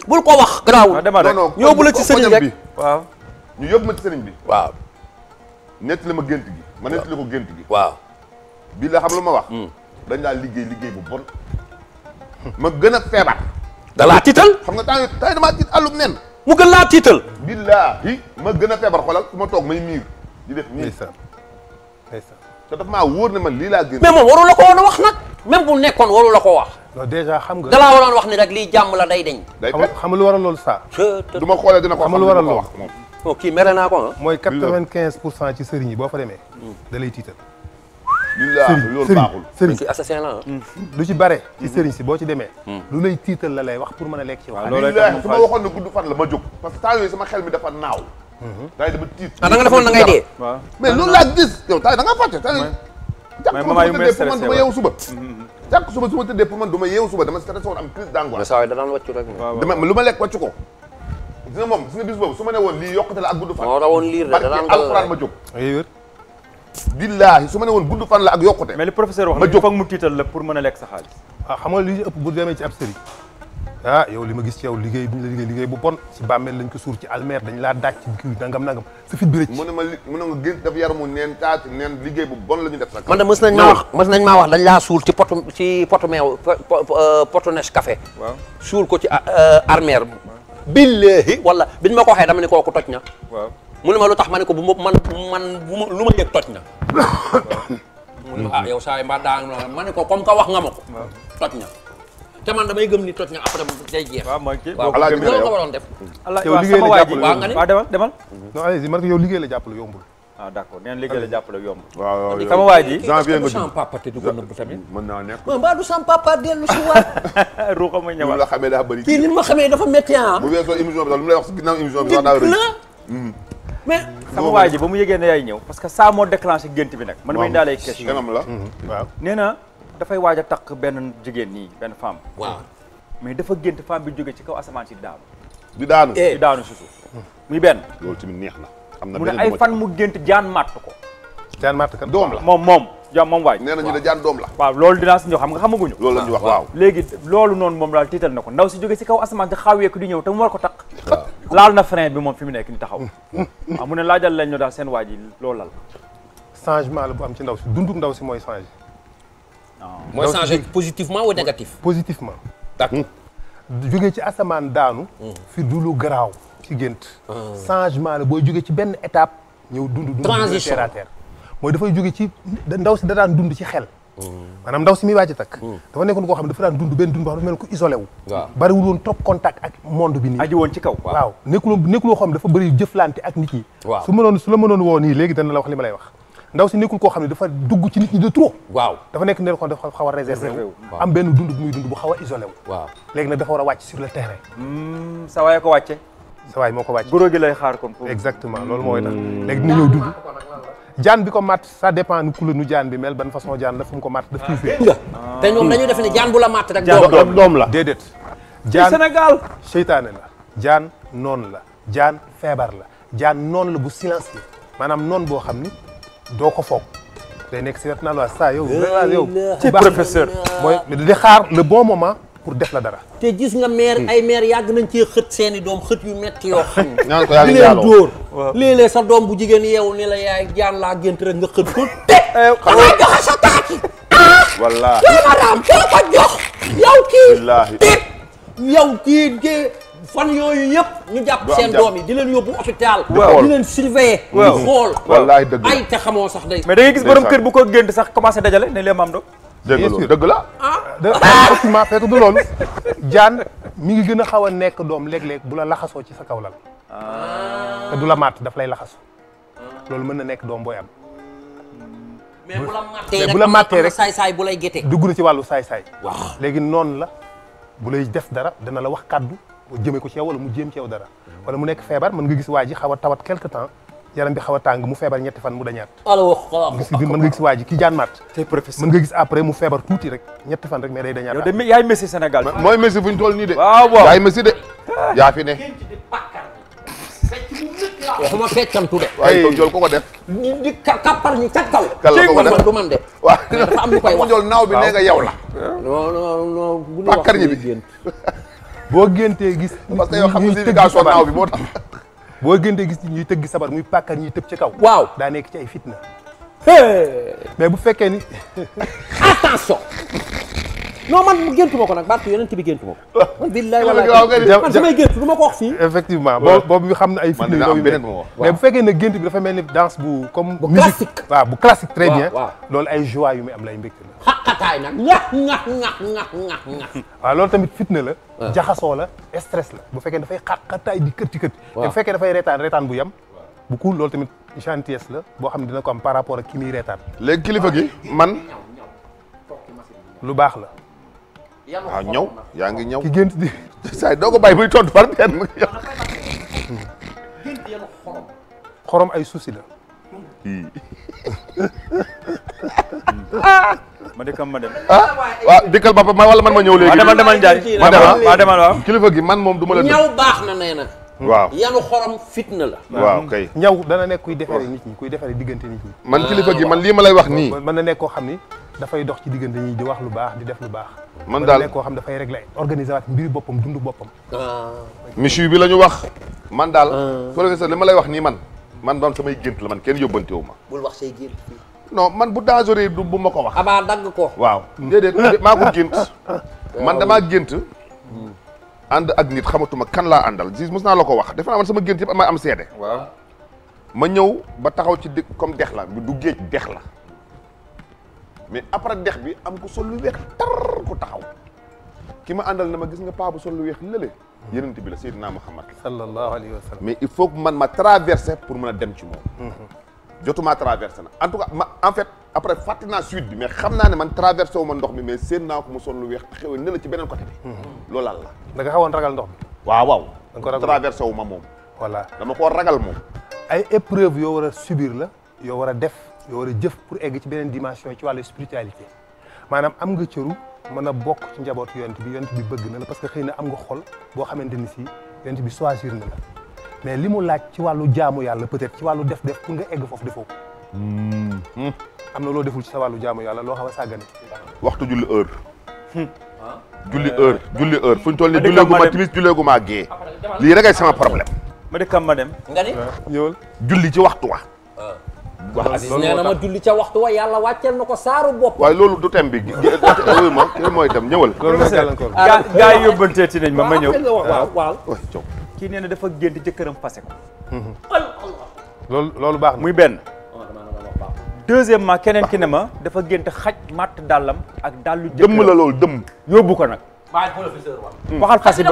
ko wax garaawul ah, non non ñoo bu la ci sëriñ ñu yóbbu ma sëriñ bi waaw nettali ma gént gi ma nettali ko gént gi waaw bii la xam lu ma wax hmm. dañ laa liggéey liggéey bu bon ma gën a da dalaa tiital xam nga temps yi temps mu gën laa tiital billaahi ma gën a feebar xoolal su ma toog may miir di miir te dafa maa wóor ne man lii laa gën. mais ko woon a wax nag même bu nekkoon waru la ko wax. non déjà xam nga. dalaa waroon wax ni rek lii jàmm la day deñ. day fekk xam nga lu waral loolu saa. du ma xoolee dina ko xam lu waral loolu. bon oh, kii mere naa ko ah. mooy quatre-vingt-quinze pour cent ci sëriñ yi boo fa demee. Hmm. da lay tiital. sëriñ sëriñ sëriñ ci assassin ah. hmm. lu ci bare ci hmm. sëriñ si boo ci demee lu lay tiital la lay wax pour mën a lekk ci wax su ma waxoon ne ma jóg que temps yooyu sama xel mi dafa naaw daay dama tiit. ah da nga defoon na ngay dee. mais loolu laa gis yow taay da nga fàtte taay. mais maman yu suba. Mm-hmm. jàkk suba su ma tëddee pour man duma yeewu suba dama stressé woon am crise d'angoisse. mais saa yi ma lekk wàccu ko. dina moom gis nga bis boobu su ma ne woon lii yokkute la ak gudd fan. moo rawoon ma jóg. billaahi su ma ne woon gudd fan la ak yokkute. mais li professeur wax nag foog mu tiital la pour mën a lekk sa xaalis. ah li ëpp bu demee ci ab sëriñ ah yow li ma gis ci yow liggéey bu ñu liggéey bu bon si bàmmeel lañ ko suur ci almeer dañ laa daaj ci kii nangam nangam sa fit bi rëcc mu ne ne ma neen taat neen liggéey bu bon la ñu def man de mës nañ maa wax mës nañ maa wax dañ laa suur ci potu ci potu meew euh, potu neche café ko ci euh, armeer billaahi wala biñ ma ko waxee dama ne kooku toj na mu ne ma lu tax ma ne ko bu ma man man bu ma lu ma yëg toj na mu ah, yow saa yi mbaa daa ma ne ko comme que wax nga ma ko toj na te man damay gëm ni toj nga après day jeex. waaw mooy kii boo ko waroon def. yow mm. liggéey la jàppale waaw nga demal demal. Mm-hmm. non allez-y man yow liggéey la jàppale yombul. ah la sama waa ji. Mm-hmm. daa bëri. kii ni ma xamee dafa métti ah. bu weesoo émission bi sax lu mu lay wax ginnaaw émission bi mm-hmm. sama waa ji ba mu yëgee ne yaay ñëw parce que saa moo déclenché gént bi nag man may daal ay question la waaw dafay waaj a takk benn jigéen nii benn femme. waaw mais dafa gént femme bi jóge ci kaw asamaan si daanu. di daanu eh. di daanu si suuf. muy benn. loolu tamit neex na. am na benn ay fan mu gént jaan màtt ko. jaan màtt kan doom la moom moom. jaan moom waay na ñu ne jaan doom la. waaw loolu dinaa si xam nga xamaguñu. loolu wax waaw léegi loolu noonu moom daal tiital na ko ndaw si jóge si kaw asamaan si xaw ko di ñëw te mu war ko takk. laal na frein bi moom fi mu nekk ni taxaw. waaw mu ne laajal leen ñu daal seen waa ji loolu lal changement la bu am ci ndaw si dundu ndaw si mooy changé mooy changé positivement wala négatif. positivement. d'accord hmm. jóge ci asamaan daanu. Hmm. fi du lu garaaw ci gént. Hmm. changement la booy jóge ci benn étape. ñëw dund dund transition terre à terre mooy dafay jóge ci ndaw si da daan dund ci xel. maanaam ndaw si muy a takk. dafa nekkoon koo xam ne dafa daan dund benn dund boo xam ne mel ko isolé wu. waaw bariwul woon top contact ak monde bi nii. aju woon ci kaw waaw. nekkul nekkul loo xam dafa bëri jëflante ak nit yi. waaw su mënoon su la mënoon woo nii léegi dana la li ma lay wax. ndaw si nekkul koo xam ne dafa dugg ci nit ñi de trop waaw dafa nekk nel kon dafa xaw a réservé wu am benn dund bu muy dund bu xaw a isolé wu waaw léegi nag dafa war a wàcc sur le terrain hmm, sa waay ko wàcce sawaay moo ko wàcc goro gi lay xaar kon exactement loolu mooy tax hmm. léegi dina ñëw dund jaan bi ko mat sa dépend nu couleur nu jaan bi mel ban façon jaan la fu mu ko mat daf ciy fee te ñoom dañuy def ne jaan bu la mat rek doom la déedéet jaan Sénégal seytaane la jaan noonu la jaan feebar la jaan noonu la bu silencieux maanaam noonu boo xam ni doo ko foog day nekk si wetu naan waa saa yow. vraiment yow ci professeur. mooy di xaar le bon moment pour def la dara. te gis nga maire hmm. ay maire yàgg nañ ci xët seeni doom xët yu metti yoo xam. ñaan ko yàlla leen dóor. léeg sa doom bu jigéen yeewu ne la yaay jaan laa gént rek nga xët ko. Eh, te xam nga joxe sa taati. Ah! wallaahi ah. kii ma raam koo ko jox. yow kii. wallaahi yow kii de. fan yooyu yëpp ñu jàpp seen doom yi di leen yóbbu hôpital di leen surveiller di xool wallaay dëgg ay xamoo sax day mais da gis boroom kër bu ko gént sax commencé dajale ne leen maam dog dëgg la ah. effectivement fekk du loolu jaan mi ngi gën a xaw a nekk doom léeg-léeg bu la laxasoo ci sa kaw la ah. te du la matt daf lay laxasu loolu mën na nekk doom booy am mais bu la màttee rek saay saay bu lay gétee dugg na ci wàllu saay saay léegi noonu la bu lay def dara dana la wax kàddu jëmee ko ci yow wala mu jéem ci yow dara wala mu nekk feebar mën nga gis waa ji xaw a tawat quelque temps yaram bi xaw a tàng mu feebar ñetti fan mu dañaat gis mën nga gis waa ji ki jaan maat mën nga gis après mu feebar tuuti rek ñetti fan rek mais day dañaat yow yaay Messi Sénégal mooy Messi fu ñu toll nii de waaw waaw yaay Messi de yaa fi ne waxuma feccantu de waaye toog jol ko ko def di kappar ñu ca kaw man du man de waaw dafa am lu koy wax jol naaw bi nee nga yow la non non non bu ñu wax pakkar ñi bi boo géntee gis. parce que yow xam nga signification bi moo tax. boo géntee gis ñuy tëgg sabar muy pàkkar ñuy tëb ci kaw. waaw daa nekk ci ay fitna. bu fekkee ni. attention. non man géntu ma ko nag barke yonent bi géntu ma ko man billahi wala man samay géntu du xam na ay film yu beneen mais bu fekkee ne gént bi dafa mel ni danse bu comme musique waaw ay joie yu muy am lay mbégte la xaqataay nag ñax ñax ñax ñax ñax ñax waaw loolu tamit fitna la jaxasoo la stress la bu fekkee dafay xaqataay di kët ci kët bu fekkee dafay reetaan reetaan bu yem bu cool loolu tamit gentillesse la boo xam ne dina ko am par rapport ak ki muy reetaan léegi kilifa gi man lu baax la waaw ah, ñëw yaa ngi ñëw ki gént di saay doo ko bàyyi muy tontu par benn xorom ay souci la ma dëkkam ma dem ah waaw ah, ba ma wala man ma ñëw léegi demal demal Ndiaye ma demal waaw demal waaw man moom du ma la ñëw baax na na hmm. waaw yanu xorom fitna la waaw hmm. kay ñaw dana nekk kuy defaree nit ñi kuy defaree diggante nit ñi man kilifa gi ah. man lii ma lay wax nii man na nekk koo xam ni dafay dox ci diggante ñi di wax lu baax di def lu baax man daal koo xam dafay régler organiser waat mbiri boppam dundu boppam. Ah. monsieur bi la ñu wax. man daal. Ah. professeur li ma lay wax nii man. man doon samay gént la man kenn yóbbantewu ma. bul wax say gént. non man bu dangereux du bu ma ko wax. abaa dagg ko. waaw déedéet maa ko gént. man damaa gént. Hmm. ànd ak nit xamatuma kan laa àndal gis mos naa la ko wax defe naa man sama gént yëpp amay am seede. waaw ma ñëw ba taxaw ci di comme dex la du géej dex la. mais après dex bi am ko sol lu weex tar ku taxaw ki ma àndal na ma gis nga paa bu sol lu weex lële yenent bi la Seydina Muhammad la sallallahu alayhi wa sallam mais il faut que man ma traversé pour mën a dem ci moom mm-hmm. jotuma traversé na en tout cas ma en fait après fàtte naa suite bi mais xam naa ne man traversé wu ndox mi mais seen naa ko mu sol lu weex xew ne la ci beneen côté bi mm-hmm. loolu laal la da ragal ndox mi waaw waaw da nga ko ragal wu ma moom voilà dama koo ragal moom ay épreuve yoo war a subir la yoo war a def yoo war a jëf pour egg ci beneen dimension ci wàllu spiritualité maanaam am nga cëru mën a bokk ci njabootu yonent bi yonent bi bëgg na la parce que xëy na am nga xol boo xamante ni si yonent bi choisir na la mais li mu laaj ci wàllu jaamu yàlla peut-être ci wàllu def-def pour nga egg foofu defoo hmm. am na loo deful ci sa wàllu jaamu yàlla loo xaw a sàggane. waxtu julli heure. Hmm. Ah. julli heure julli heure fu ñu toll nii jullee gu ma timis jullee gu ma gée lii rek ay sama problème. dem. nga ni ci waxtu wa. Ah. wax loolu nee na ma julli ca waxtu wa yàlla wàcceel na ko saaru bopp. waaye loolu du thème bi wuy ma kii mooy thème ñëwal. gaa ah, gaa yi yóbbanteeti ma ma ñëw waaw waaw kii nee na dafa gént jëkkëram fase ko. Mm-hmm. loolu loolu baax muy benn. keneen ki ne ma dafa gént xaj matt dàllam ak dàllu jëkkëram la loolu dëmm yóbbu ko nag. Mm. waxal xasida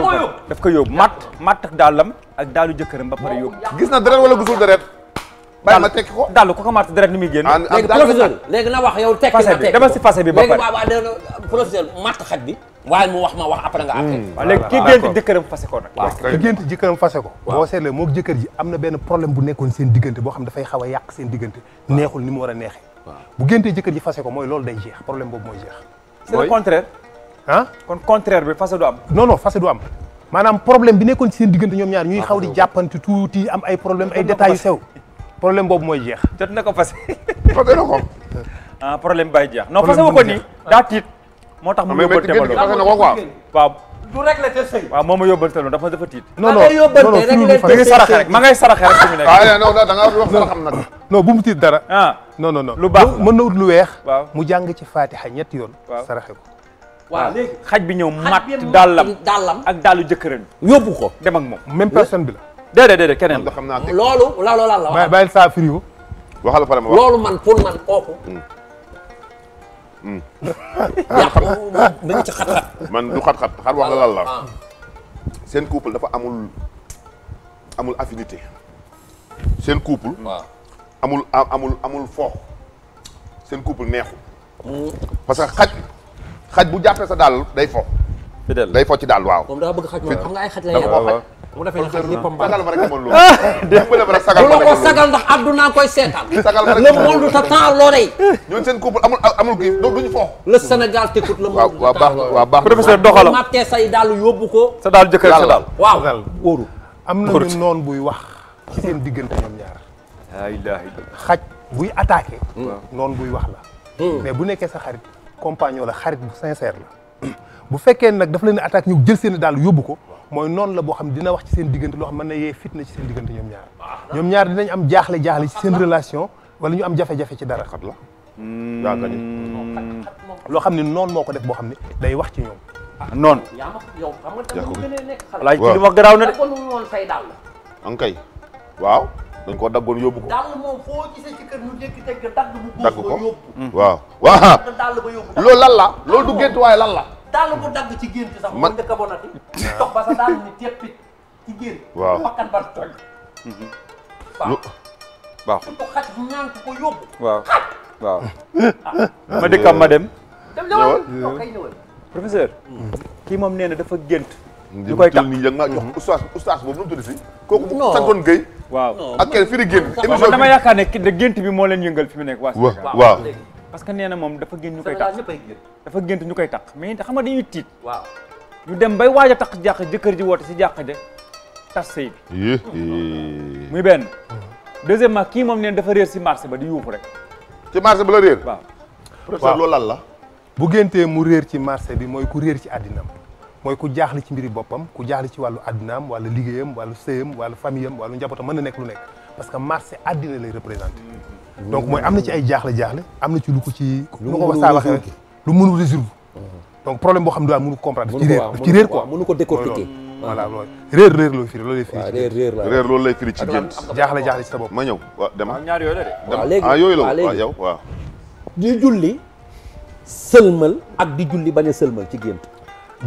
daf ko yóbbu matt matt dàllam ak dàllu jëkkëram ba pare yóbbu. gis na deret wala gisul deret bàyyi ma tekki ko dalu ko commencé deret ni muy génn. léegi professeur léegi na wax yow tekki na tekki dama si passé bi ba pare léegi waaw professeur matt xaj bi waaye mu wax ma wax après nga après waaw hmm. léegi ki gént jëkkëram fase ko nag ki gént jëkkëram fase ko boo seetlee moo jëkkër ji am na benn problème bu nekkoon seen diggante boo xam dafay xaw a yàq seen diggante neexul ni mu war a neexee bu géntee jëkkër ji fase ko mooy loolu day jeex problème boobu mooy jeex c'est le contraire ah kon contraire bi fase du am non non fase du am maanaam problème bi nekkoon ci seen diggante ñoom ñaar ñuy xaw di jàppante tuuti am ay problème ay détails yu sew problème boobu mooy jeex. jot na ko fase. fase na ko. ah problème bay jeex. non fase wu ko nii daa tiit. moo tax mu yóbbal te baloo fase na ko quoi. waaw du réglé moo ma yóbbal te loolu dafa dafa tiit. non non ma ngay saraxe rek fi mu ah, bu mu tiit dara. ah non non lu baax mën na ut lu weex. waaw mu jàng ci Fatiha ñetti yoon. waaw saraxe ko. waaw léegi xaj bi ñëw mat dàllam ak daal dàllu jëkkëram yóbbu ko dem ak moom même personne bi déedéet déedéet keneen la loolu loolu lan la wax. bàyyi saa firigo. waxal pare ma wax loolu man pour man kooku. Hmm. Hmm. yaa dañu ci xat-xat. man du xat-xat xar wax la lan la. Ah. seen couple dafa amul amul affinité. seen couple. waaw amul amul seen couple neexu. Hmm. parce que xaj xaj bu jàppee sa daal day foox. fidèle day focc daal waaw. moom daa bëgg xaj ma xam nga ay xaj la yàlla. waaw waaw mu defee ne xaj ñëppam baax sagal ko sagal ndax àdduna koy seetaan. sagal ma rek le monde te temps loolee. ñun seen couple amul amul kii duñu fo. le Sénégal tëkkut le monde. waaw baax waaw baax professeur doxalam mattee say daal yóbbu ko. sa daal jëkkër sa daal waaw wóoru. am nañu noon buy wax ci seen diggante ñoom ñaar. alhamdulilah. xaj buy attaqué. Hmm. noon buy wax la. Hmm. mais bu nekkee sa xarit compagnon la xarit bu sincère bu fekkee nag dafa leen di attaque ñu jël seen i daal yóbbu ko mooy noonu la boo xam dina wax ci seen diggante loo xam mën na yee fitna ci seen diggante ñoom ñaar ah. ñoom ñaar dinañ am jaaxle jaaxle ci seen relation wala ñu am jafe-jafe ci dara xat la yaa hmm. gañ hmm. loo xam ne noonu moo ko def boo xam ne day wax ci ñoom ah, noonu yow xam nga tamit gën a nekk xalaat ci li wax na de say dàll ankay dañ ko daggoon yóbbu ko dàll moom ko hmm. waaw waaw dàll ba yóbbu loolu la loolu du gént waaye lan la daal bu dagg ci gént sax. man dëkk bonati. toog ba sa daal ni teppi ci gént. waaw ah. ma dëkkam ma dem. dem ñëwal professeur. kii moom nee dafa gént. ñu koy tax nii ma jox mhm. oustaz oustaz boobu nu mu tudd si. kooku santoon Guèye. waaw ak kenn firi gént. émission bi dama yaakaar gént bi moo leen yëngal fi mu nekk waa. waaw parce que nee na moom dafa gént ñu koy takk dafa gént ñu koy takk mais xam nga dañuy tiit waaw ñu dem bay waaj a takk jàq jëkkër ji woote si jàq de tas sëy bi muy benn deuxièmement kii moom neen dafa réer si marché ba di yuuxu rek ci marché ba la réer waaw professeur la bu géntee mu réer ci marché bi mooy ku réer ci àddinam mooy ku jaaxle ci mbiri boppam ku jaaxle ci wàllu àddinaam wàllu liggéeyam wàllu sëyam wàllu famille am wàllu njabootam mën na nekk lu nekk parce que marché àddina lay représenté donc mooy am na ci ay jaaxle jaaxle am na ci lu ko ci. lu ko ko saa waxee lu mënul résoudre. Mmh. donc problème boo xam ne daal mënu ko comprendre. ko daf ci réer ko loolu mmh. waaw réer réer la réer loolu lay firi ci gént. jaaxle jaaxle ci sa ma ñëw waaw ah, ñaar yooyu la de. waaw ah, léegi ah yooyu la ah, waaw yow di julli sëlmal ak di julli bañ a sëlmal ci gént.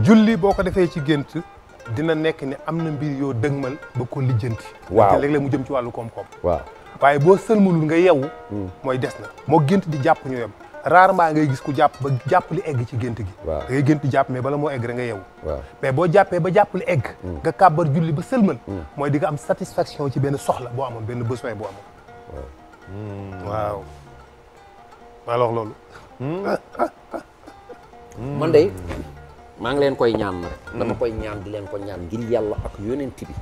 julli boo ko defee ci gént dina nekk ni am na mbir yoo mal ba ko lijjanti. waaw léeg-léeg mu jëm ci koom-koom waaw waaye boo sëlmalul nga yewu hmm. mooy des na moo gént di jàpp ñu yem rarement ngay gis ku jàpp ba jàpp egg ci gént gi da ngay gént di jàpp mais bala moo egg rek nga yewu mais boo jàppee ba jàpp egg hmm. nga kàbbar julli ba sëlmal hmm. mooy di nga am satisfaction ci benn soxla boo amoon benn besoin boo amoon waaw alors loolu ah, ah, ah. man day maa ngi leen koy ñaan nag dama koy ñaan di leen ko ñaan ngir yàlla ak yonent bi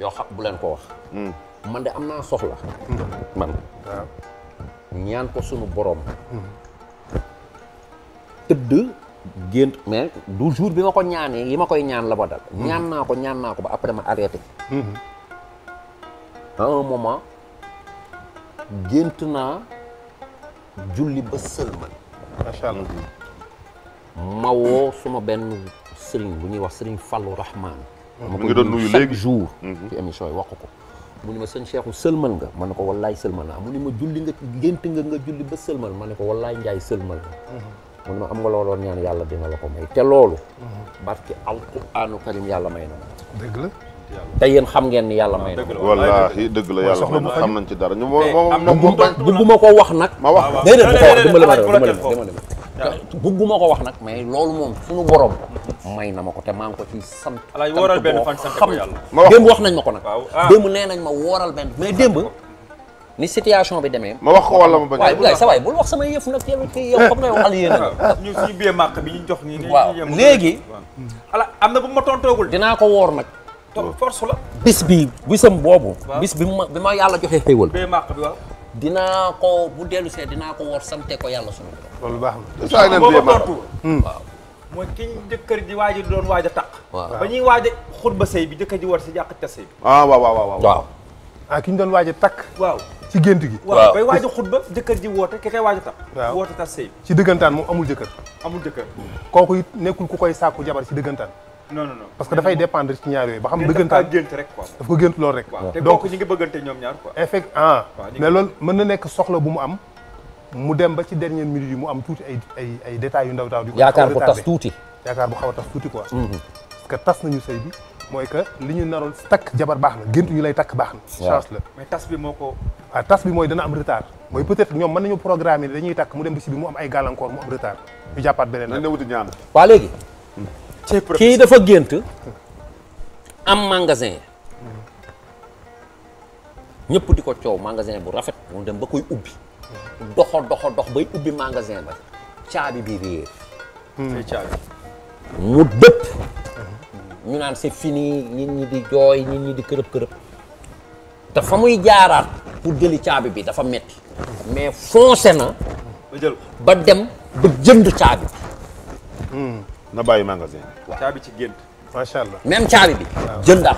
yoo xam bu leen ko wax man de am naa soxla man ñaan ko suñu borom hmm. tëdd gént mais du jour bi ma ko ñaanee li ma koy ñaan la ba dal hmm. ñaan naa ko ñaan naa ko ba après ma arrêté hmm. à gént naa julli ba sëlman macha allah suma benn sëriñ bu ñuy wax sëriñ Fallou Rahman mu ngi doon nuyu léegi chaque jour ci émission yi wax ko mu ni ma sëñ Cheikhu sëlmal nga man ne ko wallaay sëlmal naa mu ni ma julli nga gént nga nga julli ba sëlmal ma ne ko wallaay njaay sëlmal nga mu ni ma am nga looloon ñaan yàlla dina la ko may te loolu barke alquraanu karim yàlla may na dëgg la te yéen xam ngeen ni yàlla may na wallaahi dëgg la yàlla may na xam nañ ci dara ñu bugguma ko wax nag ma wax déedéet bu ko wax dama la ma dama la ma bugguma ko wax nag mais loolu moom suñu borom may na ma ko te maa ko ci sant alaay wooral benn fan sant ko yàlla démb wax nañ ma ko nag ah. démb nee nañ ma wooral benn mais démb ni situation bi demee ma wax ko walla ma bañ waaye bilaay sa bul wax sama yëf nag yow kii yow xam nga ah, màq bi ñu jox ñi waaw léegi ala am na bu ma tontoogul dinaa ko woor nag force la bis bi bisam boobu bis bi ma bi ma yàlla joxee xéewal biyee màq bi dinaa ko bu dellu see dinaa ko woor sante ko yàlla sunu loolu baax na saa ngeen bee baax waaw mooy ki jëkkër ji waaj doon waaj a taq ba ñuy waaj a xutba sëy bi jëkkër ji war si jàq ca sëy bi ah waaw waaw waaw waaw ah doon waaj takk waaw ci gént gi waaw bay a xutba a takk waaw woote tas sëy bi ci dëggantaan moom amul jëkkër amul jëkkër kooku it nekkul ku koy sàkku jabar ci dëggantaan non non non parce que dafay dépendre ci ñaar yooyu ba xam dëggantaan gént rek quoi daf ko gént loolu rek te bokk ñi ngi bëggante ñoom ñaar quoi effect ah mais loolu mën na nekk soxla bu mu am mu dem ba ci dernière minute yi mu am tuuti ay ay ay détails yu ndaw taaw yu ko yaakaar bu tas tuuti yaakaar bu xaw a tas tuuti quoi mhm. parce que tas nañu sëy bi mooy que li ñu naroon takk jabar baax na géntu ñu lay takk baax na chance la mais tas bi moo ko ah, tas bi mooy dana am retard mooy peut-être ñoom mën nañu programmer dañuy takk mu dem ba si bi mu am ay gàllankoor mu am retard ñu jàppaat beneen nañ la waa léegi kii dafa gént am magasin hmm. ñëpp di ko coow magasin bu rafet mu dem ba koy ubbi doxo doxo dox bay ubbi magasin ba caabi bii réer hmm. mu dëpp ñu naan si fini nit ñi di jooy ñu ñi di kërëb kërëb te muy jaaraat pour jëli caabi bi dafa metti mais foncé na ba dem ba jënd caabi bi hmm. na bàyyi magasin waaw caabi ci gént macha allah même caabi bi jëndaat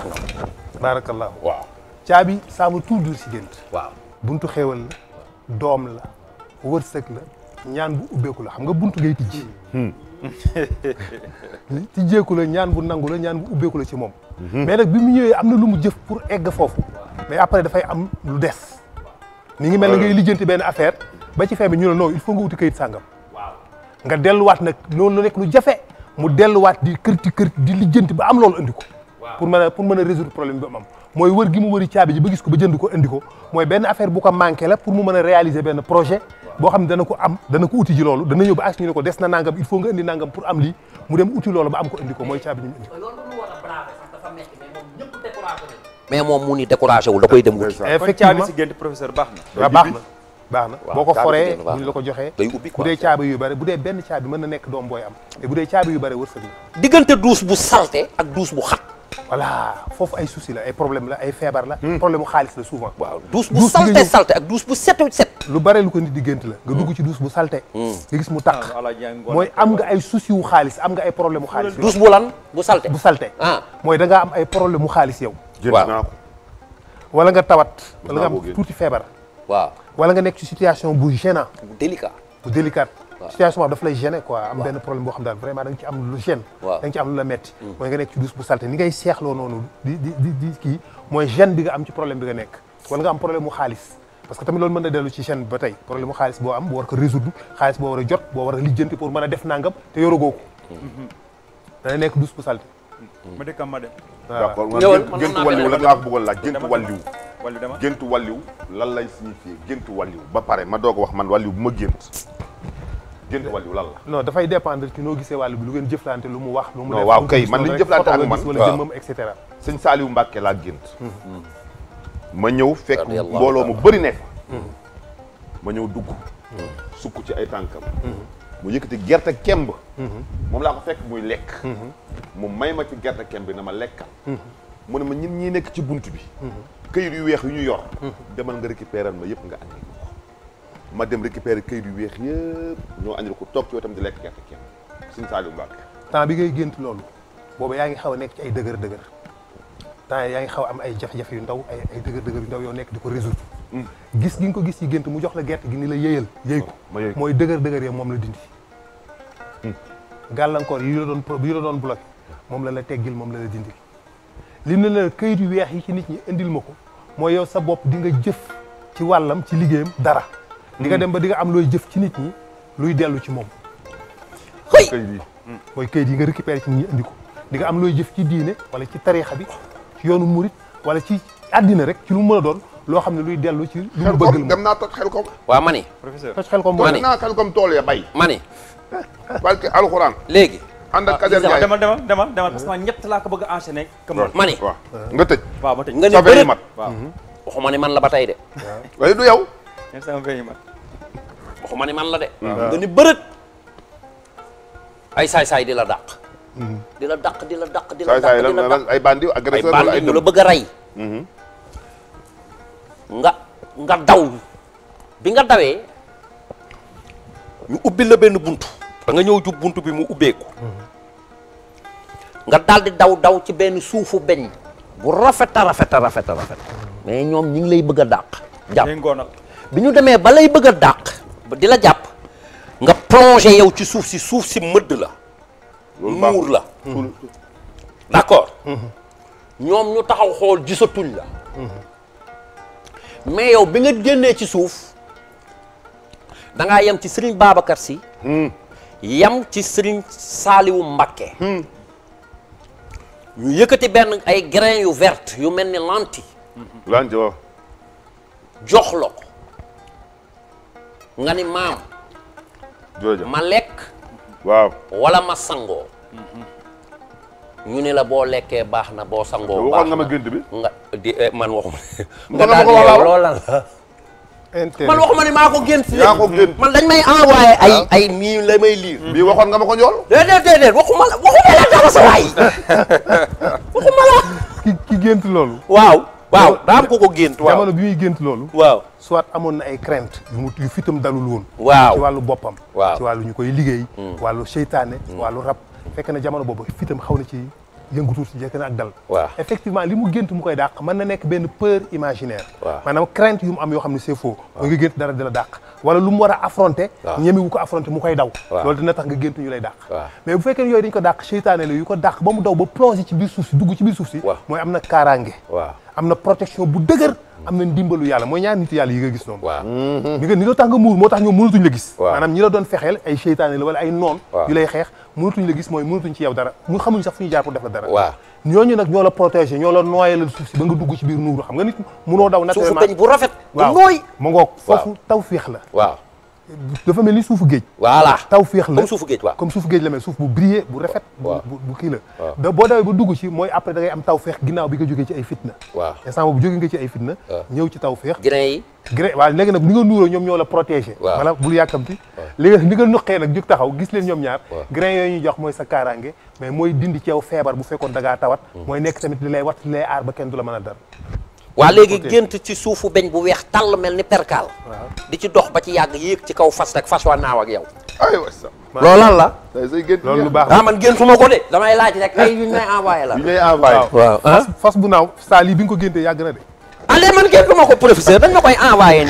na barakallah waaw caabi ça veut tout dire ci gént waaw buntu xéewal la doom la wërsëg la ñaan bu ubbeeku la xam nga buntu ngay tijji. Hmm. tijjeeku la ñaan bu nangu la ñaan bu ubbeeku la ci moom. Hmm. mais nag bi mu ñëwee am na lu mu jëf pour egg foofu. mais après dafay am lu des. ni ngi mel ne ngay lijjanti benn affaire ba ci fin bi ñu ne non il faut nga wuti kayit sàngam. waaw nga delluwaat nag loolu la nekk lu jafe mu delluwaat di kërti kërti di lijjanti ba am loolu andi ko. pour mën a pour mën a résoudre problème bi am. mooy wër gi mu wëri caabi ji ba gis ko ba jënd ko indi ko mooy benn affaire bu ko manqué la pour mu mën a réaliser benn projet boo xam ne dana ko am dana ko uti ji loolu dana ñëw ba as ñu na nangam il faut nga indi nangam pour am lii mu dem am ko indi ko mooy caabi ji mu indi mais moom mu ni découragé wul da koy dem wuti effectivement si gént professeur baax na baax na na boo ko foree bu la ko joxee day ubbi bu dee caabi yu bëri bu dee benn caabi mën na nekk doom booy am te bu dee caabi yu bëri wërsëg la diggante douche bu salté ak douche bu xat voilà foofu ay souci la ay problème la ay feebar la. Hmm. problème mu xaalis la souvent. waaw douche bu salte salte ak douche bu set set. lu bare lu ko nit di gént la. nga dugg hmm. ci douche bu salte hmm. nga gis mu taq ah, mooy am nga ay souci wu xaalis am nga ay problème mu xaalis. douche bu lan bu salte bu salte ah mooy da ngaa am ay problème mu xaalis yow. waaw wala nga tawat. wala nga am tuuti feebar. waaw wala nga nekk ci situation bu gênant. bu délicat bu délicat. situation daf lay gêner quoi am benn problème boo xam daal vraiment da nga ci am lu gêne da nga ci am lu la metti mm. mooy nga nekk ci douche bu salté ni ngay seexloo noonu di di di kii mooy gêne bi nga am ci problème bi nga nekk wala nga am problème mu xaalis parce que tamit loolu mën na dellu ci chaîne ba tey problème mu xaalis boo am boo war a a a def nangam te yorogoo mm. mm-hmm. mm. la laa ko bëggoon laaj géntu ba pare ma doog wax man wàlliw bu ma gént gént wàllu lan dafay dépendre ci noo gisee wàllu bi lu ngeen jëflante lu mu wax lu mu def waaw kay man li ñu jëflante ak man wala jëmmam et cetera sëñ Saliou Mbacke laa gént mm-hmm. ma mbooloo mu bëri nekk mm-hmm. ñëw dugg mm-hmm. sukk ci ay tànkam mu yëkkati gerte kemb moom laa ko fekk muy lekk mu may ma ci gerte kemb bi na ma lekkal mu ne ma ñun ñi nekk ci bunt bi këyit yu weex yu ñu yor demal nga récupérer ma yëpp nga andi ma dem récupérer këyit yu weex yëpp ñoo andil ko toog ci wetam di lekk gerte kenn suñu Saliou Mbacke. temps bi ngay gént loolu booba yaa ngi xaw a nekk ci ay dëgër dëgër temps yaa ngi xaw am ay jafe-jafe yu ndaw ay ay dëgër dëgër yu ndaw yoo nekk di ko résoudre. Hmm. gis gi nga ko gis ci gént mu jox la gerte gi ni la yéyal. yéy oh, ko mooy dëgër dëgër ya moom la dindi. Hmm. gàllankoor yi la doon pro la doon bloqué moom la la teggil moom la la dindil li na la këyit yu weex yi ci nit ñi indil ma ko mooy yow sa bopp di nga jëf ci wàllam ci liggéeyam dara di nga hmm. dem ba di nga am looy jëf ci nit ñi luy dellu ci moom xëy mooy kayit yi hmm. nga récupéré ci nit ñi indi ko di nga am looy jëf ci diine wala ci tariixa bi ci yoonu murit wala ci àddina rek ci lu mën a doon loo xam ne luy dellu ci lu mu bëgg dem naa toj xel kom waaw ma ni professeur toj xel kom dem naa xel kom tool ya bay ma ni barke alxuraan léegi anda ak kader demal demal demal demal parce ñett laa ko bëgg a enchaîner ma ni nga tëj waaw ma tëj nga ni bëri mat waxuma ne man la ba tey de waaye du yow sama mat ma ni man la de nga ni bërët ay saay-saay mhm. di la dàq di la dàq di la dàq di la dàq di la ay bandi agresseur ay bandi la bëgg a rey mhm. nga nga daw bi nga dawee ñu ubbi la benn bunt da nga ñëw jub buntu bi mu ubbeeku nga daal di daw daw ci benn suufu beñ bu rafet a rafet a rafet a rafet mhm. mais ñoom ñi ngi lay bëgg a dàq jàpp bi ñu demee ba lay bëgg a dàq di la jàpp nga plongé yow ci suuf si suuf si mëdd la muur la hmm. Hmm. d'accord hmm. ñoom ñu taxaw xool gisatuñ la mais yow bi nga génnee ci suuf da ngaa yem ci sëriñ Babacar si yam ci sëriñ Saaliwu Mbakke ñu yëkkati benn ay grain yu verte yu mel ni lentille lentille jox la ko nga ni maam. ma lekk. waaw wala ma sangoo. ñu ne la boo lekkee baax na boo sangoo. baax na nga ma gént bi. Eh, man waxuma. nga daan yow loola ni maa ko gént. man dañ may envoyé ay ay la may liir. bii waxoon nga ma ko njool. déedéet déedéet waxuma la waxuma la waxuma la. ki gént loolu. waaw daa am ko ko gént waaw jamono bi muy gént loolu waaw soit amoon na ay crainte yu mu yu fitam dalul woon waaw wàllu boppam waaw ci ñu koy liggéey mm. wàllu seytaane mm. wàllu rab fekk na jamono boobu fitam xaw na ci yëngu tuuti jekk na ak dal waaw effectivement li mu gént mu koy dàq mën na nekk benn peur imaginaire waaw maanaam crainte yu mu am yoo xam ne c'est faux mu nga gént dara di wala lu mu war a affronté ñemewu ko affronté mu koy daw loolu dina tax nga gént ñu lay dàq mais bu fekkee ne yooyu dañ ko dàq seytaane la yu ko dàq ba mu daw ba plongé ci biir suuf si dugg ci biir suuf si mooy am na kaaraange waaw am na protection bu dëgër am na ndimbalu yàlla mooy ñaar nit yàlla yi nga gis noonu waaw mhm. ni nga tax nga muur moo tax ñoom mënatuñ la gis maanaam ñi la doon fexeel ay seytaane la ay noon yu lay xeex mënatuñ la gis mooy mënatuñ ci yow dara ñu xamuñ sax fu ñu jaar pour def la dara waaw ñooñu nag ñoo la protégé ñoo la nooyalal suuf si ba nga dugg ci biir nuuru xam nga nit munoo daw naturellement suufu peñ bu rafet waaw nooy mu ngoog foofu tawféex la waaw dafa mel ni suuf géej. voilà taw féex la comme suufu géej waaw comme suufu géej la mel suuf bu brillé bu rafet. bu bu kii la. boo dawee ba dugg ci mooy après da am taw féex ginnaaw bi nga jógee ci ay fitna. waaw instant boobu jóge nga ci ay fitna. ñëw ci taw féex. grain yi. waa waaw léegi nag ni nga nuuroo ñoom ñoo la protégé. waaw wala bul yàkkamti. léegi ni nga nuqee nag jóg taxaw gis leen ñoom ñaar. grain yooyu ñuy jox mooy sa kaaraange mais mooy dindi ci feebar bu fekkoon da ngaa tawat. Hmm. mooy nekk tamit li lay wat li ba kenn du la mën a dar waa léegi gént ci suufu beñ bu weex tàll mel ni perkaal di ci dox ba ci yàgg yéeg ci kaw fas rek fas wa naaw ak yow loolu lan la loolu lu baax ah man géntu ma ko damay laaj rek ay la yu ñu lay envoyé waaw ah? fas saa lii bi nga ko géntee yàgg na de ah, ko professeur dañ ma koy envoyé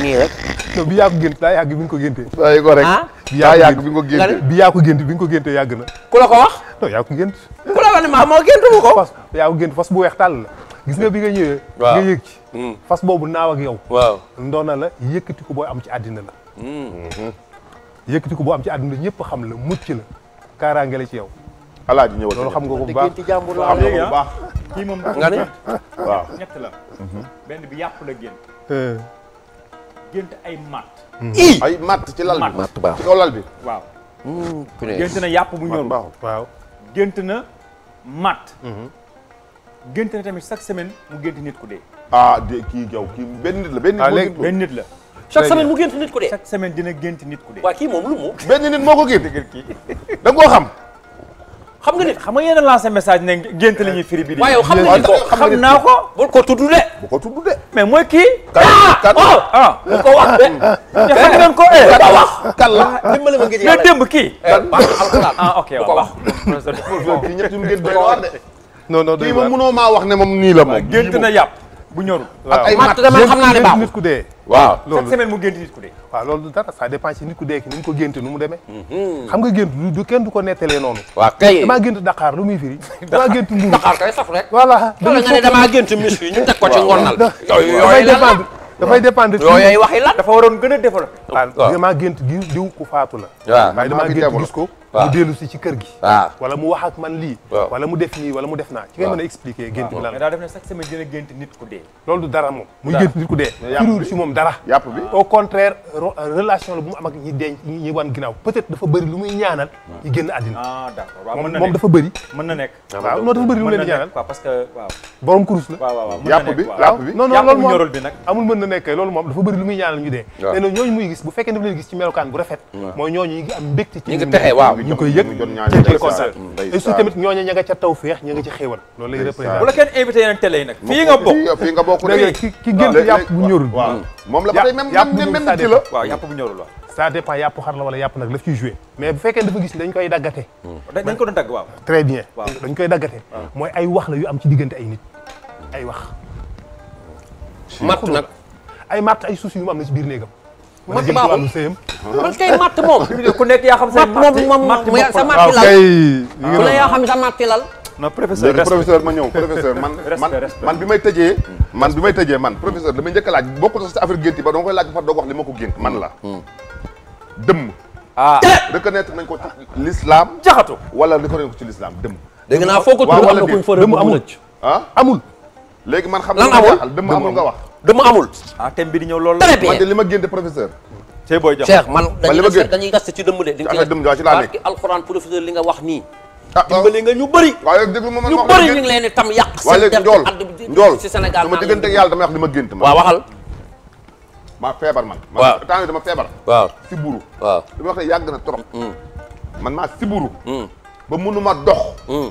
bi yaa ko gént daa yàgg bi ko géntee bàyyi ah? yàgg bi nga ko bi yaa ko gént bi nga ko géntee yàgg na ku la ko wax non yaa ko gént ku la wax moo ko yaa ko gént fas bu weex tàll la gis nga bi nga ñëwee. waaw yëg ci. Hmm. fas boobu naaw ak yow. waaw ndoona la yëkkati hmm. mm-hmm. ko boo am ci àddina la. yëkkati ko boo am ci àddina ñëpp xam la ci la kaaraange la ci yow. alaaji ñëwal loolu xam nga ko bu baax xam nga ko bu ah. baax. kii moom nga ne waaw ñett mm-hmm. bi yàpp la génn. gént mm-hmm. ci lal bi matt baax ci kaw lal bi. waaw. Hmm, gént na yàpp bu ñorul. waaw gént gént na tamit chaque semaine mu gént nit ku dee. ah de kii yow la benn nit. benn la. chaque semaine mu gént nit ku dee. chaque semaine dina gént nit ku dee. waa kii moom lu mu. benn nit moo ko gént kii xam. xam nga nit xam nga yen a lancé message ne gént la ñuy firi bi di. waaw xam nga nit ko xam naa ko. bu ko tudd de. bu ko tudd de. mais mooy kii. kan ah! kan oh! ah bu ko wax de. te hmm. xam ngeen eh. la ah, dimbali ma ngir yàlla mais démb kii. Eh, ah ok waaw baax. ñett yu mu gént doy waar de. non non kii moom maa wax ne moom nii la moom. gént na yàpp bu ñorul. ak ay mat man xam nit ku dee. waaw loolu chaque semaine mu gént nit ku dee. waaw loolu dara ça dépend ci nit ku dee ki ni mu ko nu mu demee. Mhm. xam nga gént du kenn du ko nettalee noonu. waaw kay damaa gént Dakar lu muy firi. damaa gént Mbuur Dakar kay saf rek. voilà loolu nga ne damaa gént yi ñu teg ko ci ngonnal. yooyu lan la dafay dépendre ci yooyu gën a développé. waaw ah, damaa gént diw diw ku faatu la. waaw waaye damaa gént ko mu dellu si ci kër gi wala mu wax ak man lii wala mu def nii wala mu def naa ci ngay mën a expliquer gént bi lan daa def ne chaque semaine dina gént nit ku dee loolu du dara moom muy gént nit ku dee firiwul si moom dara yàpp bi au contraire relation la bu mu am ak ñi denc ñi wan ginnaaw peut-être dafa bëri lu muy ñaanal ñu génn àddina ah d'accord moom dafa bëri mën na nekk ah, waaw non dafa bëri lu mu leen ñaanal parce que waaw borom kurus la yàpp bi yàpp bi non non loolu moom bi nag amul mën na nekk loolu moom dafa bëri lu muy ñaanal ñu dee nee na ñooñu muy gis bu fekkee daf leen gis ci melokaan bu rafet mooy ñooñu yi ngi am mbégte ci ñu koy yëg ci concert et surtout tamit ñooñu ña nga ca taw feex ña nga ca xéewal loolu lay représenté bu la kenn invité yeneen télé yi nag fii nga bokk fii nga ki ki gën yàpp bu ñorul moom la ba tey la waaw yàpp nag la ciy joué mais bu fekkee dafa gis dañ koy daggate dañ ko doon dagg waaw très bien koy daggate mooy ay wax la yu am ci diggante ay nit ay wax matt nag ay matt ay soucis yu mu am na si biir néegam matt baaxul man kay matt moom. ku nekk yaa xam sa matt moom sa matt ah, lal ah. ku ne yaa xam sa matt lal. non professeur professeur ma ñëw professeur man man man bi may tëjee. man bi may tëjee man professeur damay njëkk a laaj bokkul sax si affaire gént yi ba dama koy laaj ba fa doog wax li ma ko gént man la. Hmm. dëmm. ah reconnaître nañ ko ci l'islam. jaxatu wala reconnaître ko ci l'islam dëmm. dégg naa foo ko tudd am na kuñ fa dëmm amul ah amul. léegi man xam nga dëmm amul nga wax. dama amul. ah thème bi di ñëw loolu la. man de li ma génte professeur. tey booy jàpp Cheikh man dañuy dañuy gasté ci dëmb de. di nga dëmb ci laa nekk alxuraan professeur li ah, ñu bëri. waaye ma man ñu bëri ñu ngi leen di tam yàq. waaye léegi njool njool si Sénégal sama diggante ma gént ma. ma feebar man. waaw dama feebar. waaw si buru. waaw li ma yàgg na trop. Mm. man maa si buru. Mm. ba mënuma dox. Mm.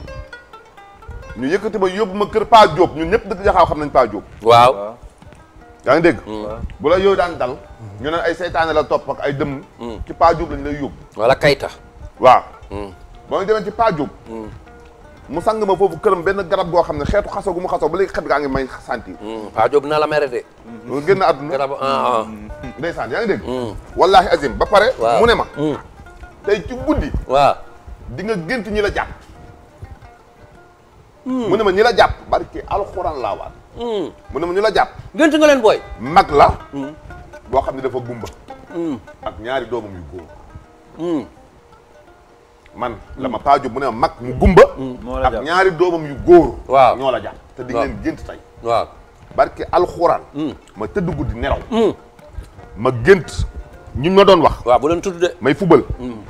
ñu yëkkati ma yóbbu ma kër Paa Diop ñun ñëpp dëkk Jaxaaw xam nañ Paa Diop. yaa ngi dégg mm. bu la yooyu daan dal ñu ne ay seytaane la topp ak ay dëmm mm. ci paa jub lañ lay yóbbu wala kayta waaw mm. boo ñu demee ci paa mu sang ma foofu këram benn garab goo xam ne xeetu xaso gu mu xaso ba léegi xet gaa ngi may santi paa jub na la mere de génn àdduna garab ah, ah. ndeysaan yaa ngi dégg wallaahi azim ba pare mu ne ma tey ci guddi waaw di nga ñi la jàpp mu ne ma ñi la jàpp barke alxuraan laa waat Hmm. mu ne ma ñu la jàpp. gént nga leen booy. mag la. Hmm. boo xam ne dafa gumba. Hmm. ñaari doomam yu góor. man la ma paa mu ne ma mag mu gumba. ak ñaari doomam yu góor. waaw ñoo la jàpp te di ngeen gént tey. waaw barke alxuraan. ma tëdd guddi nelaw. ma gént. ñun ma doon wax. waaw bu leen tudd de. may fubal.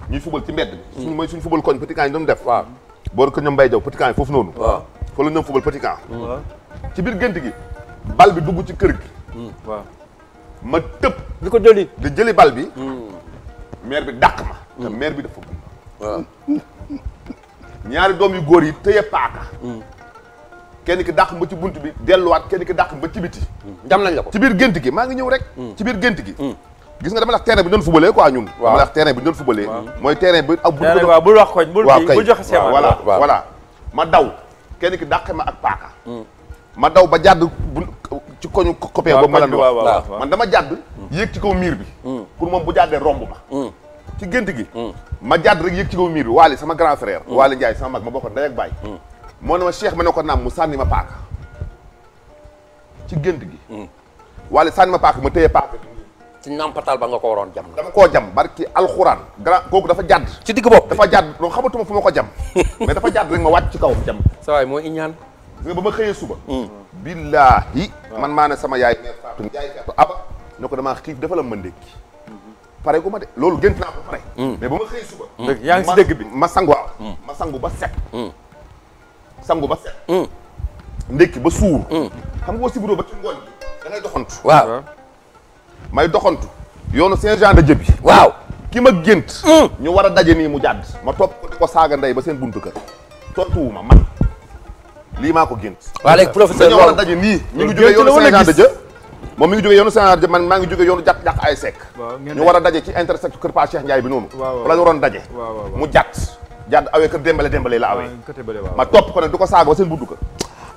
ñuy fubal ci mbedd. suñu mooy suñu fubal koñ petit yi doon def. waaw ko ñoom Mbaye Diaw petit yi foofu noonu. waaw la ñoom fubal petit ci biir gént gi bal bi dugg ci kër gi waaw ma tëb di ko jëli di jëli bal bi maire hmm. bi dàq ma hmm. te maire bi dafa gudd waaw ñaari doom yu góor yi tëye paaka hmm. kenn ki dàq ma ci bunt bi delluwaat kenn ki dàq ba ci biti jam nañ la ko ci biir gént gi maa ngi ñëw rek ci biir gént gi gis nga dama lax terrain bi doon fubalee quoi ñun dama lax terrain bi doon fubalee mooy terrain bi ak waaw bul wax koñ bul joxe seen voilà voilà ma daw kenn ki dàqe ma ak paaka ma daw ba jàdd bu ci koñu copain boobu ma la wax man dama jàdd yéeg ci kaw miir bi hmm. pour moom bu jàddee romb ma hmm. ci gént gi hmm. ma jàdd rek yéeg ci kaw miir bi Waly sama grand frère Waly Ndiaye sama mag ma bokkoon ndey ak baay moo ne ma Cheikh ma ne ko naam mu sànni ma paaka ci gént gi Waly sànni ma paaka ma téye paaka ci nampatal ba nga ko waroon jam dama koo jam barki alxuraan grand kooku dafa jàdd ci digg bopp dafa jàdd donc xamatuma fu ma ko jam mais dafa jàdd rek ma wàcc ci kaw jam ba ma xëyee suba billaahi man maa ne sama yaay mère Fatou Ndiaye Aba ne ko damaa xiif dafa la ma ndékki pare gu ma de loolu gënt naa ko pare mm. mais ba ma xëyee suba mm. yaa ngi si dëgg bi ma sangu ba mm. set sangu ba set suur xam nga boo sibiroo ba ci ngooñ may doxantu yoonu Saint-Jean de Dieubi waaw ki ma gént ñu war a daje nii mu jàdd ma topp ko di saaga ndey ba seen buntu kër tontuwuma man lii maa ko gént. waaw léegi professeur loolu dañoo war a daje ngi jógee yoonu Saint-Jean moom mi ngi jógee yoonu Saint-Jean man maa ngi jógee yoonu jàkk jàkk ay sec. ñu war a daje ci intersect kër Pa Cheikh Ndiaye bi noonu. waaw la ñu waroon daje. Dembale Dembale la awee. Ah, ma topp ko ne du ko saaga ba seen buddu ko.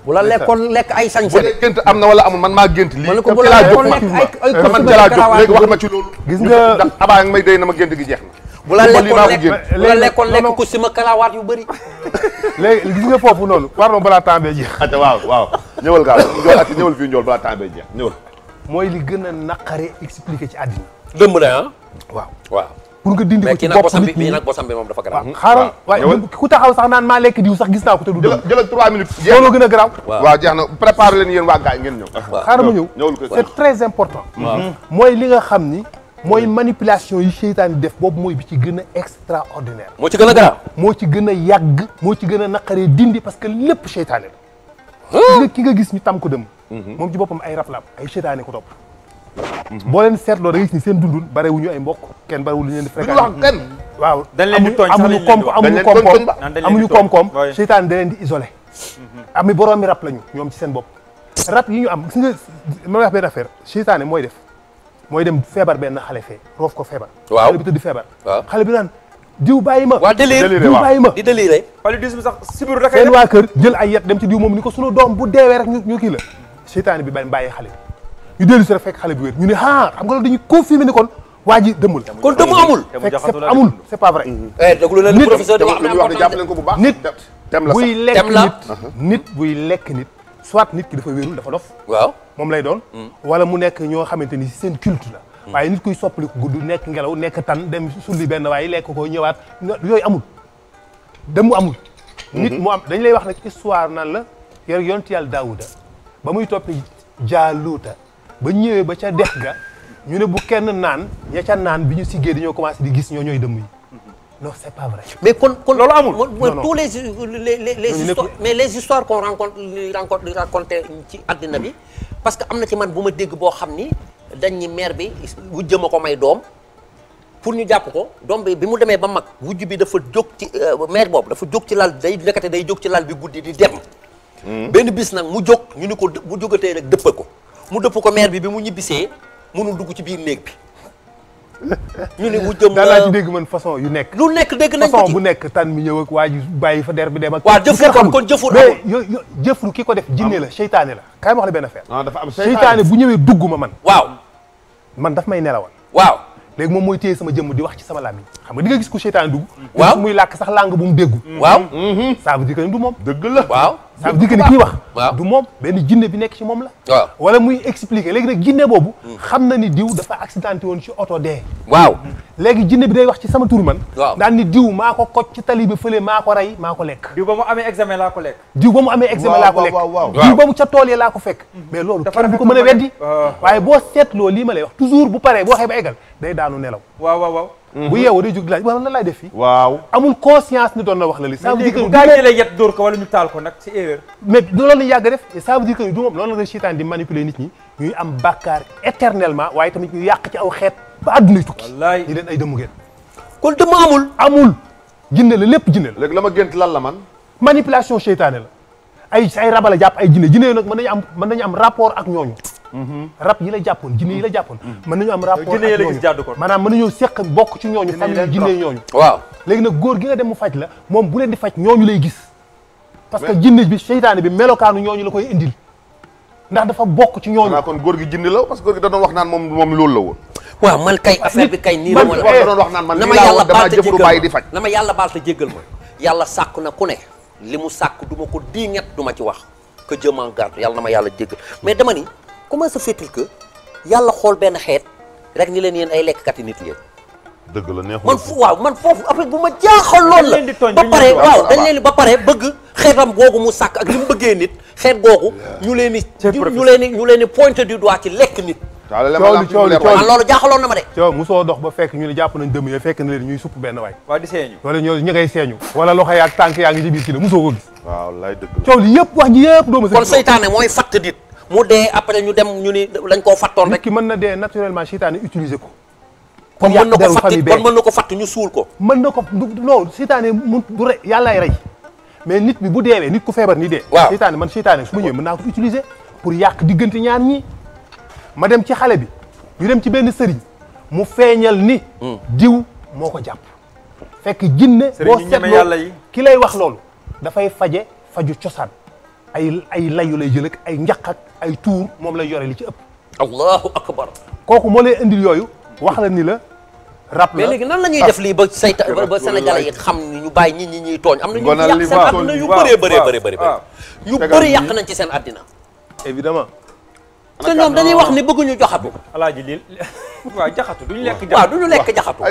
bu la lekkoon lekk ay sañse bu am na wala amul man maa gént lii ko bu la lekkoon lekk jóg léegi wax ma ci loolu gis nga abaa nga may day na ma gént gi jeex na bu la lekkoon lekkool bu la lekkoon lekk ku sima kalawaat yu bëri. léegi gis nga foofu noonu pardon balaa tàmbee jeex. ate waaw waaw ñëwal gaaw njool ati ñëwal fii njool balaa tàmbee jeex ñëwal. mooy li gën a naqare expliqué ci àddina. dëmb la ah. waaw waaw. pour nga dindi ko ci bopp nit ñi mais kii nag bosam ku taxaw sax naan maa lekk diw sax gis naa ko te du. jël jëlal minutes. jeex na gën a garaaw. waaw jeex na préparé leen yéen waa gars yi ngeen ñëw. waaw xaaral ma ñëw c'est mooy li nga xam ni mooy manipulation yi seytaane def boobu mooy bi ci gën a extraordinaire. moo ci gën a garaaw moo ci gën a yàgg. moo ci gën a naqaree dindi parce que lépp seytaane ah! ki nga gis ñu tam ko dem. Mhm. moom ci boppam ay raflaam ay seytaane ko topp. Mhm. boo leen seetloo da gis ni seen dundul barewuñu ay mbokk kenn barewul lu leen di fréquenté waaw dañ leen di tooñ amuñu koom amuñu koom-koom amuñu koom-koom seytaane da leen di isolé mhm. ami boroomi rab lañu ñoom ci seen bopp rab yi ñu am gis ma wax benn affaire seytaane mooy def mooy dem feebar benn xale fee roof ko feebar. waaw xale bi tëdd feebar. waaw xale bi naan diw bàyyi ma. diw bàyyi ma di délire. paludisme sax sibiru da koy def seen waa kër jël ay yet dem ci diw moom ni ko sunu doom bu deewee rek ñu kii la. seytaane bi bañ bàyyi xale bi ñu dellu si rek fekk xale bi wér ñu ni ah xam nga loolu dañuy confirmer ni kon waa ji dëmmul. kon dëmm amul. fekk c'est amul c'est pas vrai. déglu leen ni professeur nit buy lekk nit nit buy lekk soit nit ki dafa wérul dafa dof waaw moom lay doon. Mm. wala mu nekk ñoo xamante ni seen culte la. Mm. waaye nit kuy soppaliku gudd nekk ngelaw nekk tan dem sulli benn waaye lekk ko ñëwaat yooyu amul. dem mu amul. Mm-hmm. nit mu am dañ lay wax nag histoire nan la yor yonent yàlla Daawuda ba muy toppi jaaluuta ba ñëwee ba ca dex ga ñu ne bu kenn naan ña ca naan bi ñu siggee dañoo commencé di gis ñoo ñooy dëmm yi mm-hmm. non c'est pas vrai. mais kon kon loolu amul non tous les les les histoires mais les histoires qu'on rencontre rencontre raconté ci àddina bi. parce que am na ci man bu ma dégg boo xam ni dañ ñi maire bi wujj a ko may doom pour ñu jàpp ko doom bi bi mu demee ba mag wujj bi dafa jóg ci euh, maire boobu dafa jóg ci lal day nekkate day jóg ci lal bi guddi di dem. Hmm. benn bis nag mu jóg ñu ni ko bu jógatee rek dëpp ko mu dëpp ko maire bi bi mu ñibbisee mënul dugg ci biir néeg bi. ñu ne wu jëm daanaa ci man façon yu nekk lu nekk dégg nañ ko ci façon bu nekk tan mi ñëw ak waa ji bàyyi fa der bi dem ak waaw ko kon kon jëfru mais ki ko def jinne la seytaane la kaay ma wax la benn affaire dafa am seytaane bu ñëwee dugg ma man waaw man daf may nelawal waaw léegi moom mooy téye sama jëmm di wax ci sama làmmiñ xam nga di nga gis ku seytaane dugg waaw muy làkk sax langue bu mu déggu waaw mm-hmm. ça veut dire que du moom dëgg la waaw ça veut dire que ni kii wax du moom benn jinne bi nekk ci moom la waaw wala muy expliquer léegi nag jinne boobu hmm. xam na ni diw dafa accidenté woon ci oto dee waaw léegi jinne bi day wax ci sama tur man waaw daan ni diw maa ko koj ci tali bi fële maa ko rey maa ko lekk diw ba mu amee examen laa ko lekk diw ba mu amee examen laa ko lekk diw ba mu ca tool yi laa ko fekk hmm. mais loolu kenn du ko mën a weddi ah. waaye boo seetloo lii ma lay wax toujours bu paree boo xëy ba eggal day daanu nelaw Mhm. bu yeewoo day jóg laaj waaw lan laay def fii waaw amul conscience ni doon na wax la li ça veut dire que dañu la yet taal ko nag c'est erreur mais loolu la yàgg def ça veut dire que du moom loolu la seytaane di manipuler nit ñi ñuy am bàkkaar éternellement waaye tamit ñu yàq ci aw xeet ba àdduna tukki wallaay ñi leen ay dëmmu ngeen kon dëmm amul amul jinne la lépp jinne la la ma gént lan la man manipulation seytaane la ay ay rabal a jàpp ay jinne jinne nag mën nañu am mën nañu am rapport ak ñooñu Mm-hmm. rab yi la jàppoon jinne yi la jàppoon mm-hmm. mën nañu am rapport jinne yi la gis mën nañoo seq bokk ci ñooñu famille jinne ñooñu waaw léegi nag góor gi nga dem mu la moom bu leen di faj ñooñu lay gis parce que jinne bi seytaane bi melokaanu ñooñu la koy indil ndax dafa bokk ci ñooñu kon góor gi jinne la parce que góor wax naan moom moom loolu la woon waaw man kay affaire bi kay nii la woon da doon wax naan man nama yàlla baal te jéggal na ma yàlla baal te jéggal ma yàlla sàkk na ku ne li mu sàkk du ma ko dii nget du ma ci wax ka Dieu m'en garde yàlla na ma yàlla jéggal mais dama ni comment se fait-il que yàlla xool benn xeet rek ni leen yéen ay lekkkat yi nit yéen. dëgg la neexul man fu waaw foofu après bu ma jaaxal loolu la ba pare waaw dañ leen di ba pare bëgg xeetam googu mu sàkk ak li bëggee nit xeet googu ñu leen di du doigt ci lekk nit man loolu jaaxaloon na ma de coow mosoo dox ba fekk ñu ne jàpp nañ dëm ya fekk na leen ñuy supp benn waay waaw di seeñu wala ñu ngay seeñu wala loxo yaa ak yaa ngi ci biir ci la mosoo ko gis waaw lay wax ji yëpp doo mu dee après ñu dem ñu ni lañ koo fattoon rek. nit ki mën na dee naturellement seytaane utiliser ko. kon mën na ko fàtti kon mën na ko fatt ñu suul ko. mën na ko non seytaane mu du re yàllaay rey mais nit bi bu deewee nit ku feebar ni dee. waaw seytaane man seytaane su ma ñëwee mën naa ko utiliser pour yàq diggante ñaan ñi ma dem ci xale bi ñu dem ci benn sëriñ mu feeñal ni. Hmm. diw moo ko jàpp. fekk jinne boo seetloo ki lay wax loolu dafay faje faju cosaan. ay ay layu lay jël ak ay njaq ak ay tuur moom lay yore li ci ëpp. allahu akbar. kooku moo lay indil yooyu. wax la ni la. rap la mais léegi la ñuy def lii ba sayta ba Sénégalais yi xam ñu bàyyi ñi ñi ñuy tooñ. am na ñu yàq seen àddina yu bëree bëree ah. bëri. ñu bëri yàq nañ ci seen àddina. évidemment te ñoom dañuy wax ni bëgguñu jaxatu duñu lekk lekk jaxatu.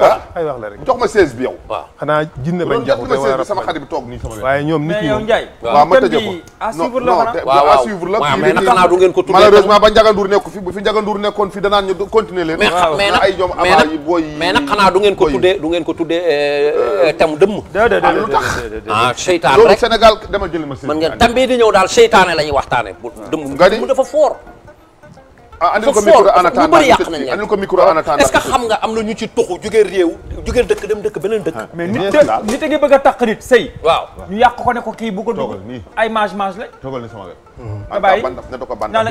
Ah? jox ma 16 bi yow. waaw xanaa jinne bañ jaxatu wala sama xarit bi toog nii sama waaye ñoom nit ma tëjee ko à suivre la waaw à suivre la mais naka naa ko tuddee malheureusement ba Ndiaga Ndour nekk fi bu fi Ndiaga Ndour nekkoon fi danaan ñu xanaa du ngeen ko tuddee du ngeen ko tuddee euh, euh, euh, tam dëmm. déedéet déedéet déedéet ah seytaan rek loolu Sénégal dama jëli ma seytaan mën ngeen tam bii di ñëw daal seytaane la waxtaane année. Ah. dëmm dafa fort. ah andil ko micro en attendant bëri yàq nañ leen ko micro en attendant est-ce que xam nga am na ñu ci tuxu jugee réew jugee dëkk dem dëkk beneen dëkk. Ah, nit nit da bëgg a nit sëy. ñu yàq ko ne kii bu ko dugg ay mange mange mm-hmm. la. nga bàyyi na ko bandaf na ko bandaf.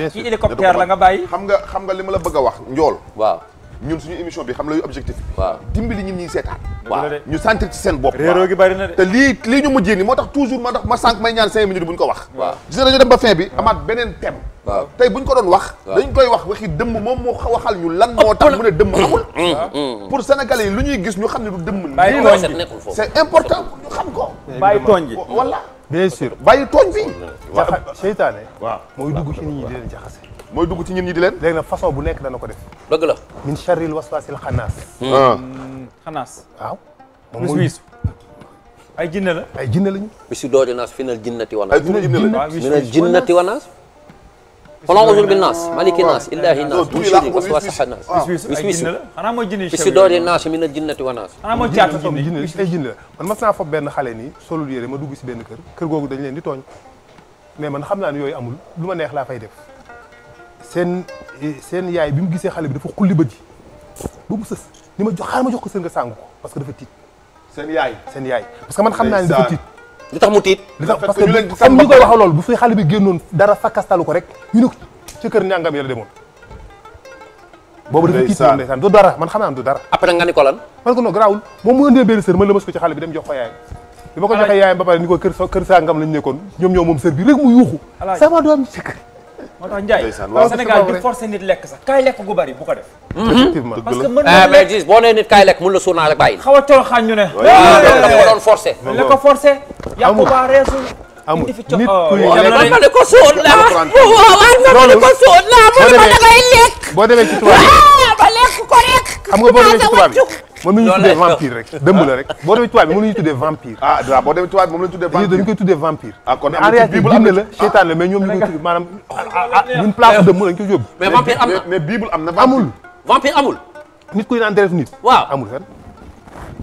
naa la nga bàyyi. xam nga xam nga li a la bëgg wax njool. waaw. ñun suñu émission bi xam la yu objectif waaw dimbali ñun ñuy seetaan waaw ñu sentir ci seen bopp bari na de te lii lii ñu mujjee ni moo tax toujours ma tax ma sànq may ñaan cinq minutes bu ñu ko wax waaw gis nga dem ba fin bi amaat beneen thème tey bu ko doon wax dañ koy wax waxi dëmm moom moo waxal ñu lan moo tax mu ne dëmm amul pour sénégalais yi lu ñuy gis ñu xam ne du dëmm c'est important ñu xam ko bàyyi tooñ ji voilà bien sûr bàyyi tooñ bi seytaane waaw mooy dugg ci nit ñi di leen jaxase mooy dugg ci ñin ñi di leen léegi nag façon bu nekk dana ko def dëgg la min charril waswasil xanaas ah. hmm. xanaas waaw moom wiisu ay jinne la ay jinne lañu bisu doodi naas fi nal jinnati wa naas minal jinnati wa naas xolon ausur bi naas maliki naas illaahi naas min charri waswasil xanaas wis wisu xanaa mooy jinne bisu doodi naas minal jinnati wa naas xanaa mooy caatu jinne ay jinne la man mas naa foog benn xale nii solul yére ma dugg si benn kër kër googu dañ leen di tooñ mais man xam naa ne yooyu amul lu ma neex laa fay def seen seen yaay bi mu gisee xale bi dafa xulli bët yi ba mu sës ni ma jox xaaral ma jox ko seen nga sàng ko parce que dafa tiit. seen yaay seen yaay. parce que man xam naa ne tax mu tiit. li tax parce que wax loolu bu fi xale bi génnoon dara fakkastalu ko ko ci kër ñàngam yàlla demoon. boobu dafa tiit noonu ndeysaan du dara man xam naa du dara. après nga ni ko lan. man ko non garaawul moom mu indee benn sër man la mës ko ci xale bi dem jox ko yaayam. bi ma ko joxee yaayam ba pare ni ko kër kër sàngam nekkoon ñoom ñoo sër bi rek mu yuuxu sama doom ci kër moo tax Ndiaye waaw lekk sax kaay lekk gu bari bu ko def. Eh, boo nee nit kaay lekk mun la suunaa rek bàyyi. xaw a coow xañ ñu ne. waaw waaw waaw doon forcé. la ko amul nit oh, ku ma ne ko suul la waaw ma ne ko suul la mu ne ma damay lekk boo demee ci tubaab bi ah, ba lekk ko rek xam nga boo demee ci tubaab bi moom la ñuy tuddee vampire rek dëmb la la ñuy tuddee vampire ah waaw boo demee tubaab bi moom la ñuy tuddee vampire dañu ah, la seytaan la mais ñoom ñu koy ah, am na mais bible am na nit kuy naan deret nit waaw amul fenn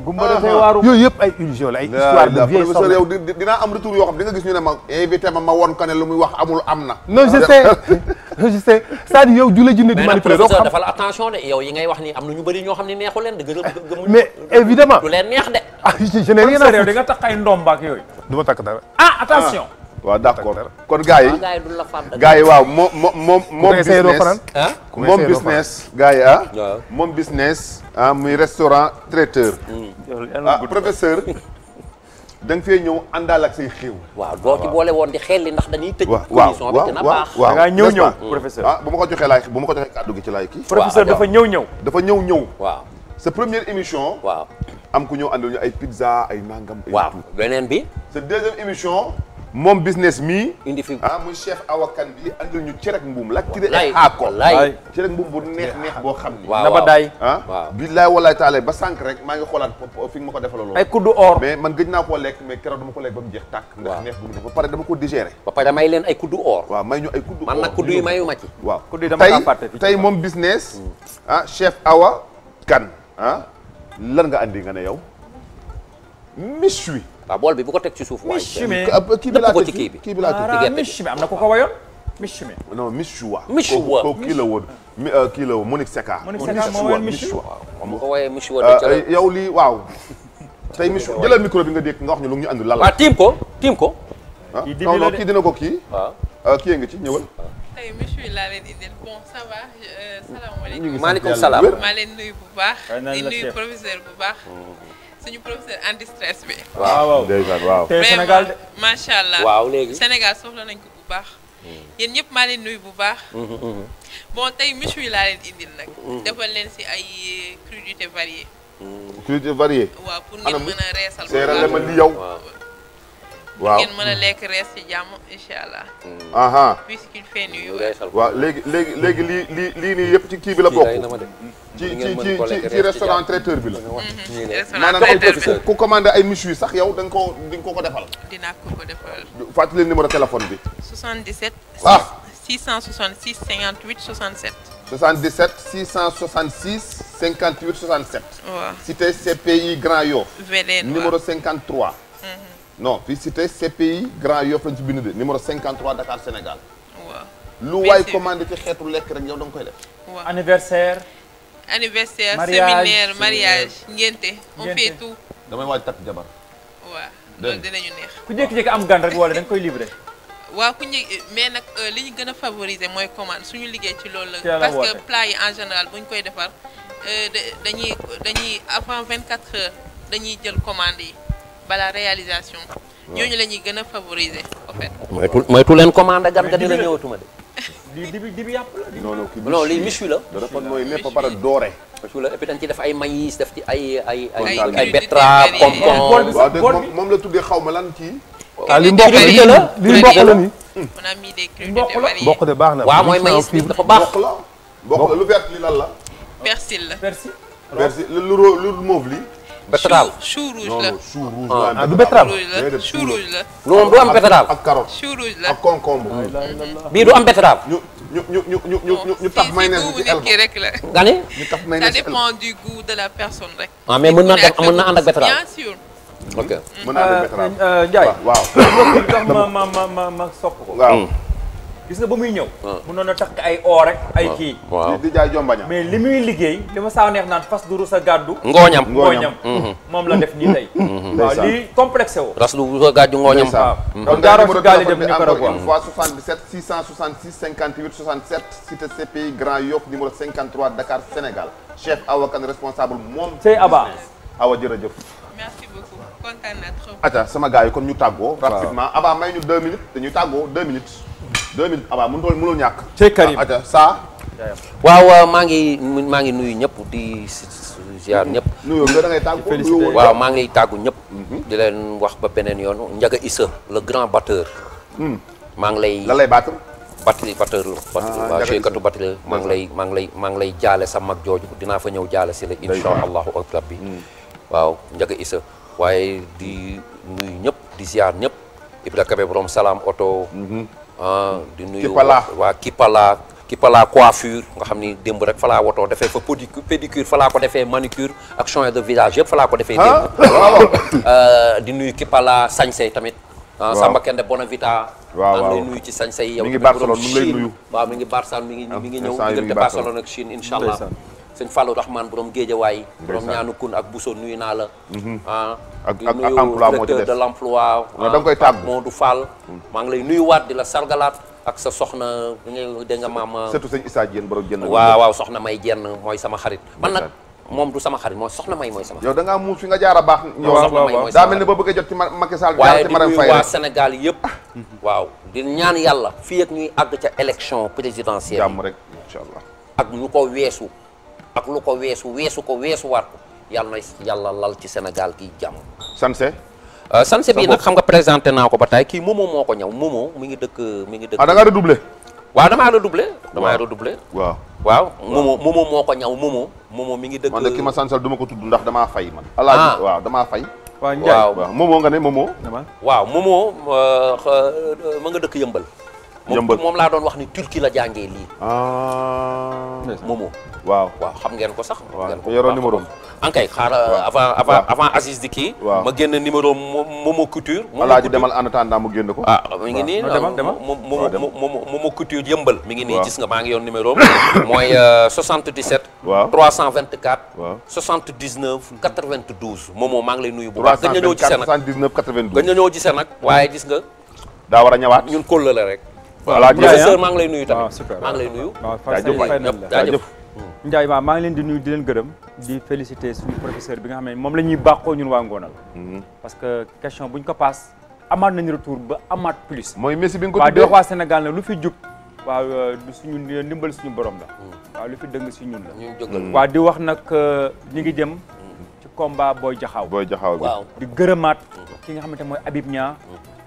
gumba dafay waaru yooyu yëpp ay illusion la ay histoire de vieille professeur yow dinaa am retour yoo xam di nga gis ñu ne ma invité ma ma won ko ne muy wax amul am na non je sais je yow ju la jinne di manipuler doo defal attention de yow yi ngay wax ni am na ñu bëri ñoo xam ne neexu leen de gën a gëmuñu mais évidemment du leen neex de ah je n'ai rien à dire da nga takk ay ndombaak yooyu du ma takk dara ah attention ah. waaw d' accord kon gars yi ah, gars yi waaw moom ah? moom moom business moom business gars yi ah moom business ah muy restaurant traiteur hmm. ah professeur da nga fee ñëw daal ak say xéew waaw doo ci boole woon di xelli ndax dañuy tëj waaw bi dina baax waaw dangaa ñëw ñëw professeur ah bu ma ko joxee laay bu ma ko joxee kàddu gi ci laay kii professeur dafa ñëw ñëw dafa ñëw ñëw waaw sa première émission waaw am ku ñëw àndal ñu ay pizza ay nangam waaw beneen bi sa deuxième émission moom business mii. indi fi ah muy chef awakan bi andil ñu cere ak mbuum la ci ay wallaay wallaay cere ak mbuum bu neex neex boo xam ni. waaw waaw daay. ah billaay wallaay taalaay ba sànq rek maa ngi xoolaat fi nga ma ko defaloo. ay kuddu or mais man gëj naa koo lekk mais keroog dama ko lekk ba mu jeex tàkk. ndax neex bu mu def pare dama ko digérer. ba pare may leen ay kuddu or. waaw may ñu ay kuddu or man nag ma ci. waaw kuddu yi dama kaa fàtte tey tey moom business. ah chef awakan ah lan nga andi nga ne yow waaw bool bi bu ko teg ci suuf. waay kii bi laa ko ci kii bi kii bi laa ko ah, ci gerte gi am na ko ko wayoon. Michoui. non Michoua. Michoua kooku kii la woon. mi euh, kii la woon Monique Seka. Monique Seka moo woon Michoua mu ko woyee Michoua. yow lii waaw. tey Michoua jëlal micro bi nga dégg nga wax ñu lu ñu andi lan la. waaw ah, tiim ko tiim ko. kii ah, non non kii dina ko kii. waaw euh, kii nga ci ñëwal. tey Michoui laa leen indil bon ça va euh, salaamaaleykum. maaleykum salaam maa leen nuyu bu baax. di nuyu proviseur bu baax. Mm. suñu professeur anti stress bi. waaw waaw tey Sénégal de macha allah waaw léegi Sénégal soxla nañ ko bu baax. Hmm. yéen ñëpp maa leen nuyu bu baax. Hmm, hmm, bon tey michu yi laa leen indil nag. defal leen si ay euh, crudités variées. crudités variées. waaw pour ngeen mën a reesal. waaw waaw waaw ngeen mën a lekk rees ci jàmm incha allah. puisqu'il mm. fait waaw léegi léegi léegi lii lii lii nii yëpp ci kii bi la bokk. ci ci ci ci restaurant traiteur bi la. Mhm. maanaam ku commandé ay miches yu sax yow danga nga koo di nga ko defal. dinaa ko ko defal. fàttali leen numéro téléphone bi. 77. ah 666 58 67. 77 666 58 67. waaw cité CPI Grand Yoff. numéro 53. non fii cité CPI Grand Yoff lañ ci bind de numéro 53 Dakar Sénégal. waaw lu waay commandé ci xeetu lekk rek yow da nga koy def. anniversaire. anniversaire séminaire euh, mariage ngénte on fait tout. damay waaj takk jabar. waaw loolu dinañu neex. ku jékki-jékki am gan rek wala da nga koy livré. waaw ku ñu mais nag euh, li ñu gën a favoriser mooy commande suñu liggéey ci loolu la. parce que plat yi en général bu ñu koy defar euh, dañuy dañuy avant 24 heures dañuy jël commande yi. balaa réalisation. ñooñu la ñuy gën a favoriser en fait. moytu moytu leen commande gan nga dina ñëwatuma de. lii dibi dibi yàpp la. non non non lii michu la. dafa ba pare doore. dañ ciy def ay maïs def ci ay ay ay. ay moom la tuddee xaw ma lan ci. ah li mboq la li mboq la nii. on a mis baax na. waaw mooy maïs dafa baax mboq la. mboq la lu vert li lan la. persil la lu lu mauve li betterave chou rouge la chou rouge la du betterave chou rouge la lu moom du am betterave ak carotte chou rouge la ak concombre ah, bii du am betterave ñu ñu ñu ñu ñu ñu ñu taf mayonnaise bi ci el rek la nga ne ñu taf mayonnaise ça dépend du goût de la personne rek ah mais mën naa def mën naa ànd ak betterave bien sûr ok mën naa ànd ak euh, betterave euh, Ndiaye waaw loolu tax ma ma ma ma sopp ko waaw hmm. gis ba muy ñëw. Ah. mënoon a takk ay oo rek. ay kii waaw di jaay jombaña mais li muy liggéey li ma saa neex naan fas du rus a gàddu. ngooñam ngooñam mm-hmm. moom la def nii tey. Mm-hmm. waaw lii complexé woo. ras du sa a gàddu ngooñam. waaw donc jaaroo si gaal yi dem Nicaragua. une fois 77 666 58 67 cité CPI Grand Yoff Dakar Sénégal chef Awa responsable moom. Sey Aba Awa jërëjëf. merci beaucoup sama gars yi kon ñu tàggoo. rapidement Aba may ñu deux minutes te ñu tàggoo deux minutes. deux minutes ah ñàkk. cee Karim ah saa. waaw maa ngi maa ngi nuyu ñëpp di ziar ñëpp. waaw maa ngi tàggu ñëpp. Mhm. di leen wax ba beneen yoon Ndiaga Issa le grand batteur. Hmm. maa ngi lay lan lay battre. batteur batteur la. Ah, waaw jëkkatu maa ngi lay maa ngi lay jaale sa mag jooju dinaa fa ñëw jaale si la. incha allahu akbar bi hmm. waaw Ndiaga Issa waaye di nuyu ñëpp di ziar ñëpp Ibra Kabe borom salaam oto. Mhm. ah di nuyu waa Kipala Kipala coiffure nga xam ni démb rek fala woto wotoo defee fa pédicure pédicure fa laa ko defee manucure ak soin de visage yëpp fa laa ko defee démb ah, ah, di nuyu Kipala sañse tamit ah Samba Kende Bonavita waaw waaw lay nuyu ci sañse yi yow mi ngi Barcelone mi ngi lay nuyu waaw ah, Barcelone ak Chine incha sëñ Fallou Rahman borom géejawaay borom ñaanu kun ak Bousso nuyu naa la mhm. ah ak ak emploi moo ci def de l' emploi ah, koy tàggu Modou Fall mhm. maa ngi lay nuyuwaat di la sargalaat ak sa soxna denga nga maam ah. surtout sëñ Issa Diène borom jënn waaw waaw soxna may jenn mooy sama xarit man nag moom du sama xarit mooy soxna may mooy sama xarit yow ngaa muus fi nga jaar a baax ñëw daa mel ni ba bëgg a jot ci Macky Sall waaye di nuyu waa Sénégal yëpp ah. waaw di ñaan yàlla fii ak ñuy àgg ca élection présidentielle jàmm rek incha allah ak ñu ko weesu ak lu ko weesu weesu ko weesu war ko yàlla na yàlla lal ci Sénégal gi jàmm. sanse euh, sanse bi nag xam nga présenté naa ko ba tey kii Momo moo ko ñaw Momo mi ngi dëkk mi ngi dëkk. ah da ngaa redoublé. waaw damaa redoublé. waaw waaw Momo Momo moo ko ñaw Momo. mi ngi dëkk man de ki ma sansal du ko tudd ndax damaa fay man. Ah. alaaji waaw damaa fay. waaw Momo nga ne Momo. waaw Momo euh, euh, ma nga dëkk yëmbal. yëmbal moom laa doon wax ni turki la jàngee lii. Ah. moomoo. waaw waaw xam ngeen ko sax. ngeen ko yoroo numéro am. ankay xaar avant avant avant di kii. waaw ma génn numéro Momo Couture. alaaji demal en attendant mu génn ko. ah mi ngi nii demal demal Momo Momo Couture yëmbal. mi ngi nii gis nga maa ngi yoon numéro am. mooy 77. Euh, waaw 324. waaw 79 92. Momo maa ngi lay nuyu bu baax. gën na ñoo gisee nag 324 79 92. na ñoo gisee nag waaye gis nga. daa war a ñëwaat ñun kóllële rek. voilà professeur maa ngi lay nuyu tamit ah, super maa ngi lay nuyu ah, jaajëf hmm. Ndiaye maa ngi leen di nuyu di leen gërëm di féliciter suñu professeur bi nga xam ne moom la ñuy baaxoo ñun waa Ngonal hmm. parce que question buñ ko passe amaat nañu retour ba amaat plus mooy Messi bi nga ko tuddee waaw di wax waa Sénégal ne lu fi jub waaw euh, du suñu euh, ndimbal suñu borom la hmm. waaw lu fi dëng si ñun la waaw di wax nag euh, ñu ngi jëm ci combat Boy jaxaw booy Jaxaaw bi di gërëmaat ki nga xamante mooy Habib Niang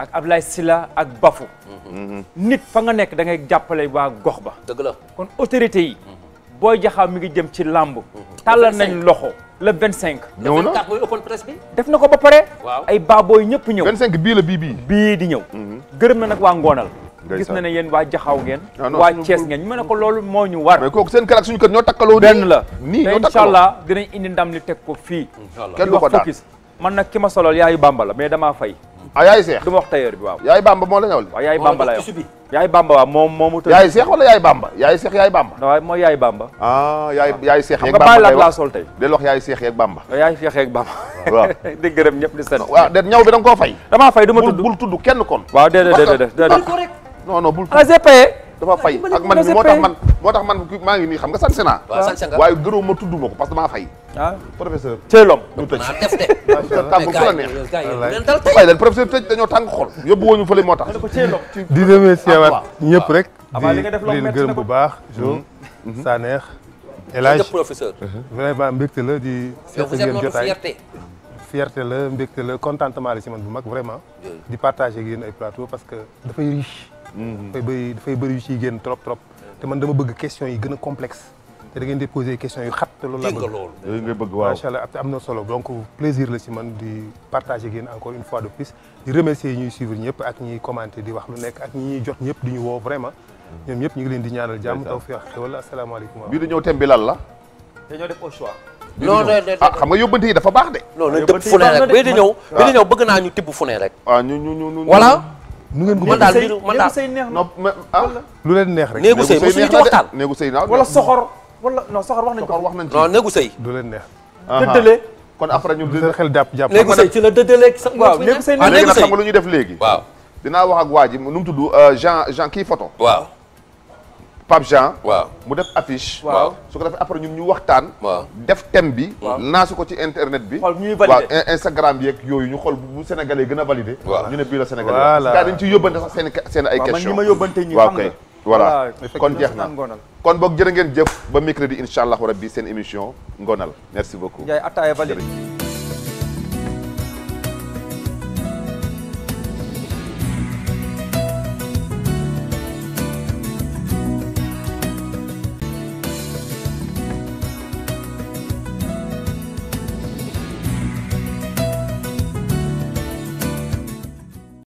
ak ab Ablaye Sylla ak Bafou nit fa nga nekk da ngay jàppale waa gox ba dëgg la kon autorité yi booy jaxaaw mi ngi jëm ci làmb tàllal nañ loxo le vingt cinq ñëw na open press bi def na ko ba pare waaw ay baabooy ñëpp ñëw vingt cinq bii la bii bii bii di ñëw mhm. gërëm na nag waa ngoonal gis na ne yéen waa jaxaaw ngeen ah, waa Thiès ngeen ñu mën ko loolu moo ñu war mais seen kër ak suñu kër ñoo takkaloo benn la nii ñoo takkaloo indi ndam li teg ko fii kenn du ko daal man nag ki ma solol yaayu bamba la mais damaa fay ah yaay seex du ma wax tailleur bi waaw yaay bamba moo la ñëwal waaw yaay bamba la yaay bamba waaw moom moomu tëdd yaay seex wala yaay bamba yaay seex yaay bamba waaw mooy yaay bamba ah yaay yaay seex yeeg bamba nga bàyyi laat laa sol tey del wax yaay seex yeeg bamba yaay seex yeeg bamba waaw di gërëm ñëpp di sant waaw déet ñaw bi da nga koo fay damaa fay du ma tudd bul tudd kenn kon waaw déedéet déedéet déedéet non non bul ah, tudd j'ai payé dafa fay ak man moo tax man moo tax man maa ngi nii xam nga sansé naa waaye gëroo ma tudd ma ko parce que maa fay ah. professeur tey lom ñu tëj tàngul fu la neex fay leen professeur tëj dañoo tàng xol yóbbu wooñu fële moo tax di remercier waat ah, ñëpp rek ah, di leen gërëm bu baax jo Sanex mhm. mhm. El Hadj professeur mhm. vraiment mbégte la di seq ngeen jotaay fierté la mbégte la contentement la si man bu mag vraiment di partager ak yéen ay plateau parce que dafay riche dafay bëri dafay bëri yu ciy génn trop trop te man dama bëgg question yi gën a complexe te da ngeen di poser question yu xat te loolu laa bëgg macha allah am na solo donc plaisir la si man di partager ak yéen encore une fois de plus di remercier ñuy suivre ñëpp ak ñuy commenter di wax lu nekk ak ñi jot ñëpp di ñu woo vraiment ñoom ñëpp ñu ngi leen di ñaanal jàmm tawfiq xewal asalaamaaleykum bii di ñëw thème ah, xam nga yóbbante yi dafa baax de non nañ tëb naa ñu tibb fu ne rek waaw ah, nu ngeen ko man daal biiru man daal ah. lu leen neex rek néegu sëy mosuñu ci waxtaan néegu sëy naaw wala soxor wala non soxor wax nañ ko wax nañ ci non néegu sëy du leen neex dëddale kon après ñu dina xel jàpp jàpp néegu sëy ci la dëddale sa waaw néegu sëy léegi nag xam nga lu ñuy def léegi waaw dinaa wax ak waa ji nu mu tudd euh, Jean Jean kii photo waaw Pape Jean. waaw mu def affiche. waaw ko defee après ñu waxtaan. def tem bi. naasu ko ci internet bi. xool ñuy validé waaw Instagram yeeg yooyu ñu xool bu Sénégalais yi gën a validé. ñu ne bii la Sénégalais. voilà gars dañ ciy yóbbante sax seen seen ay. questions waaw man ñi ma yóbbante ñi xam nga. kon jeex na kon boog jërë ngeen jëf ba mercredi incha allah rabbi seen émission ngonal merci beaucoup. Ndiaye attaaya validé.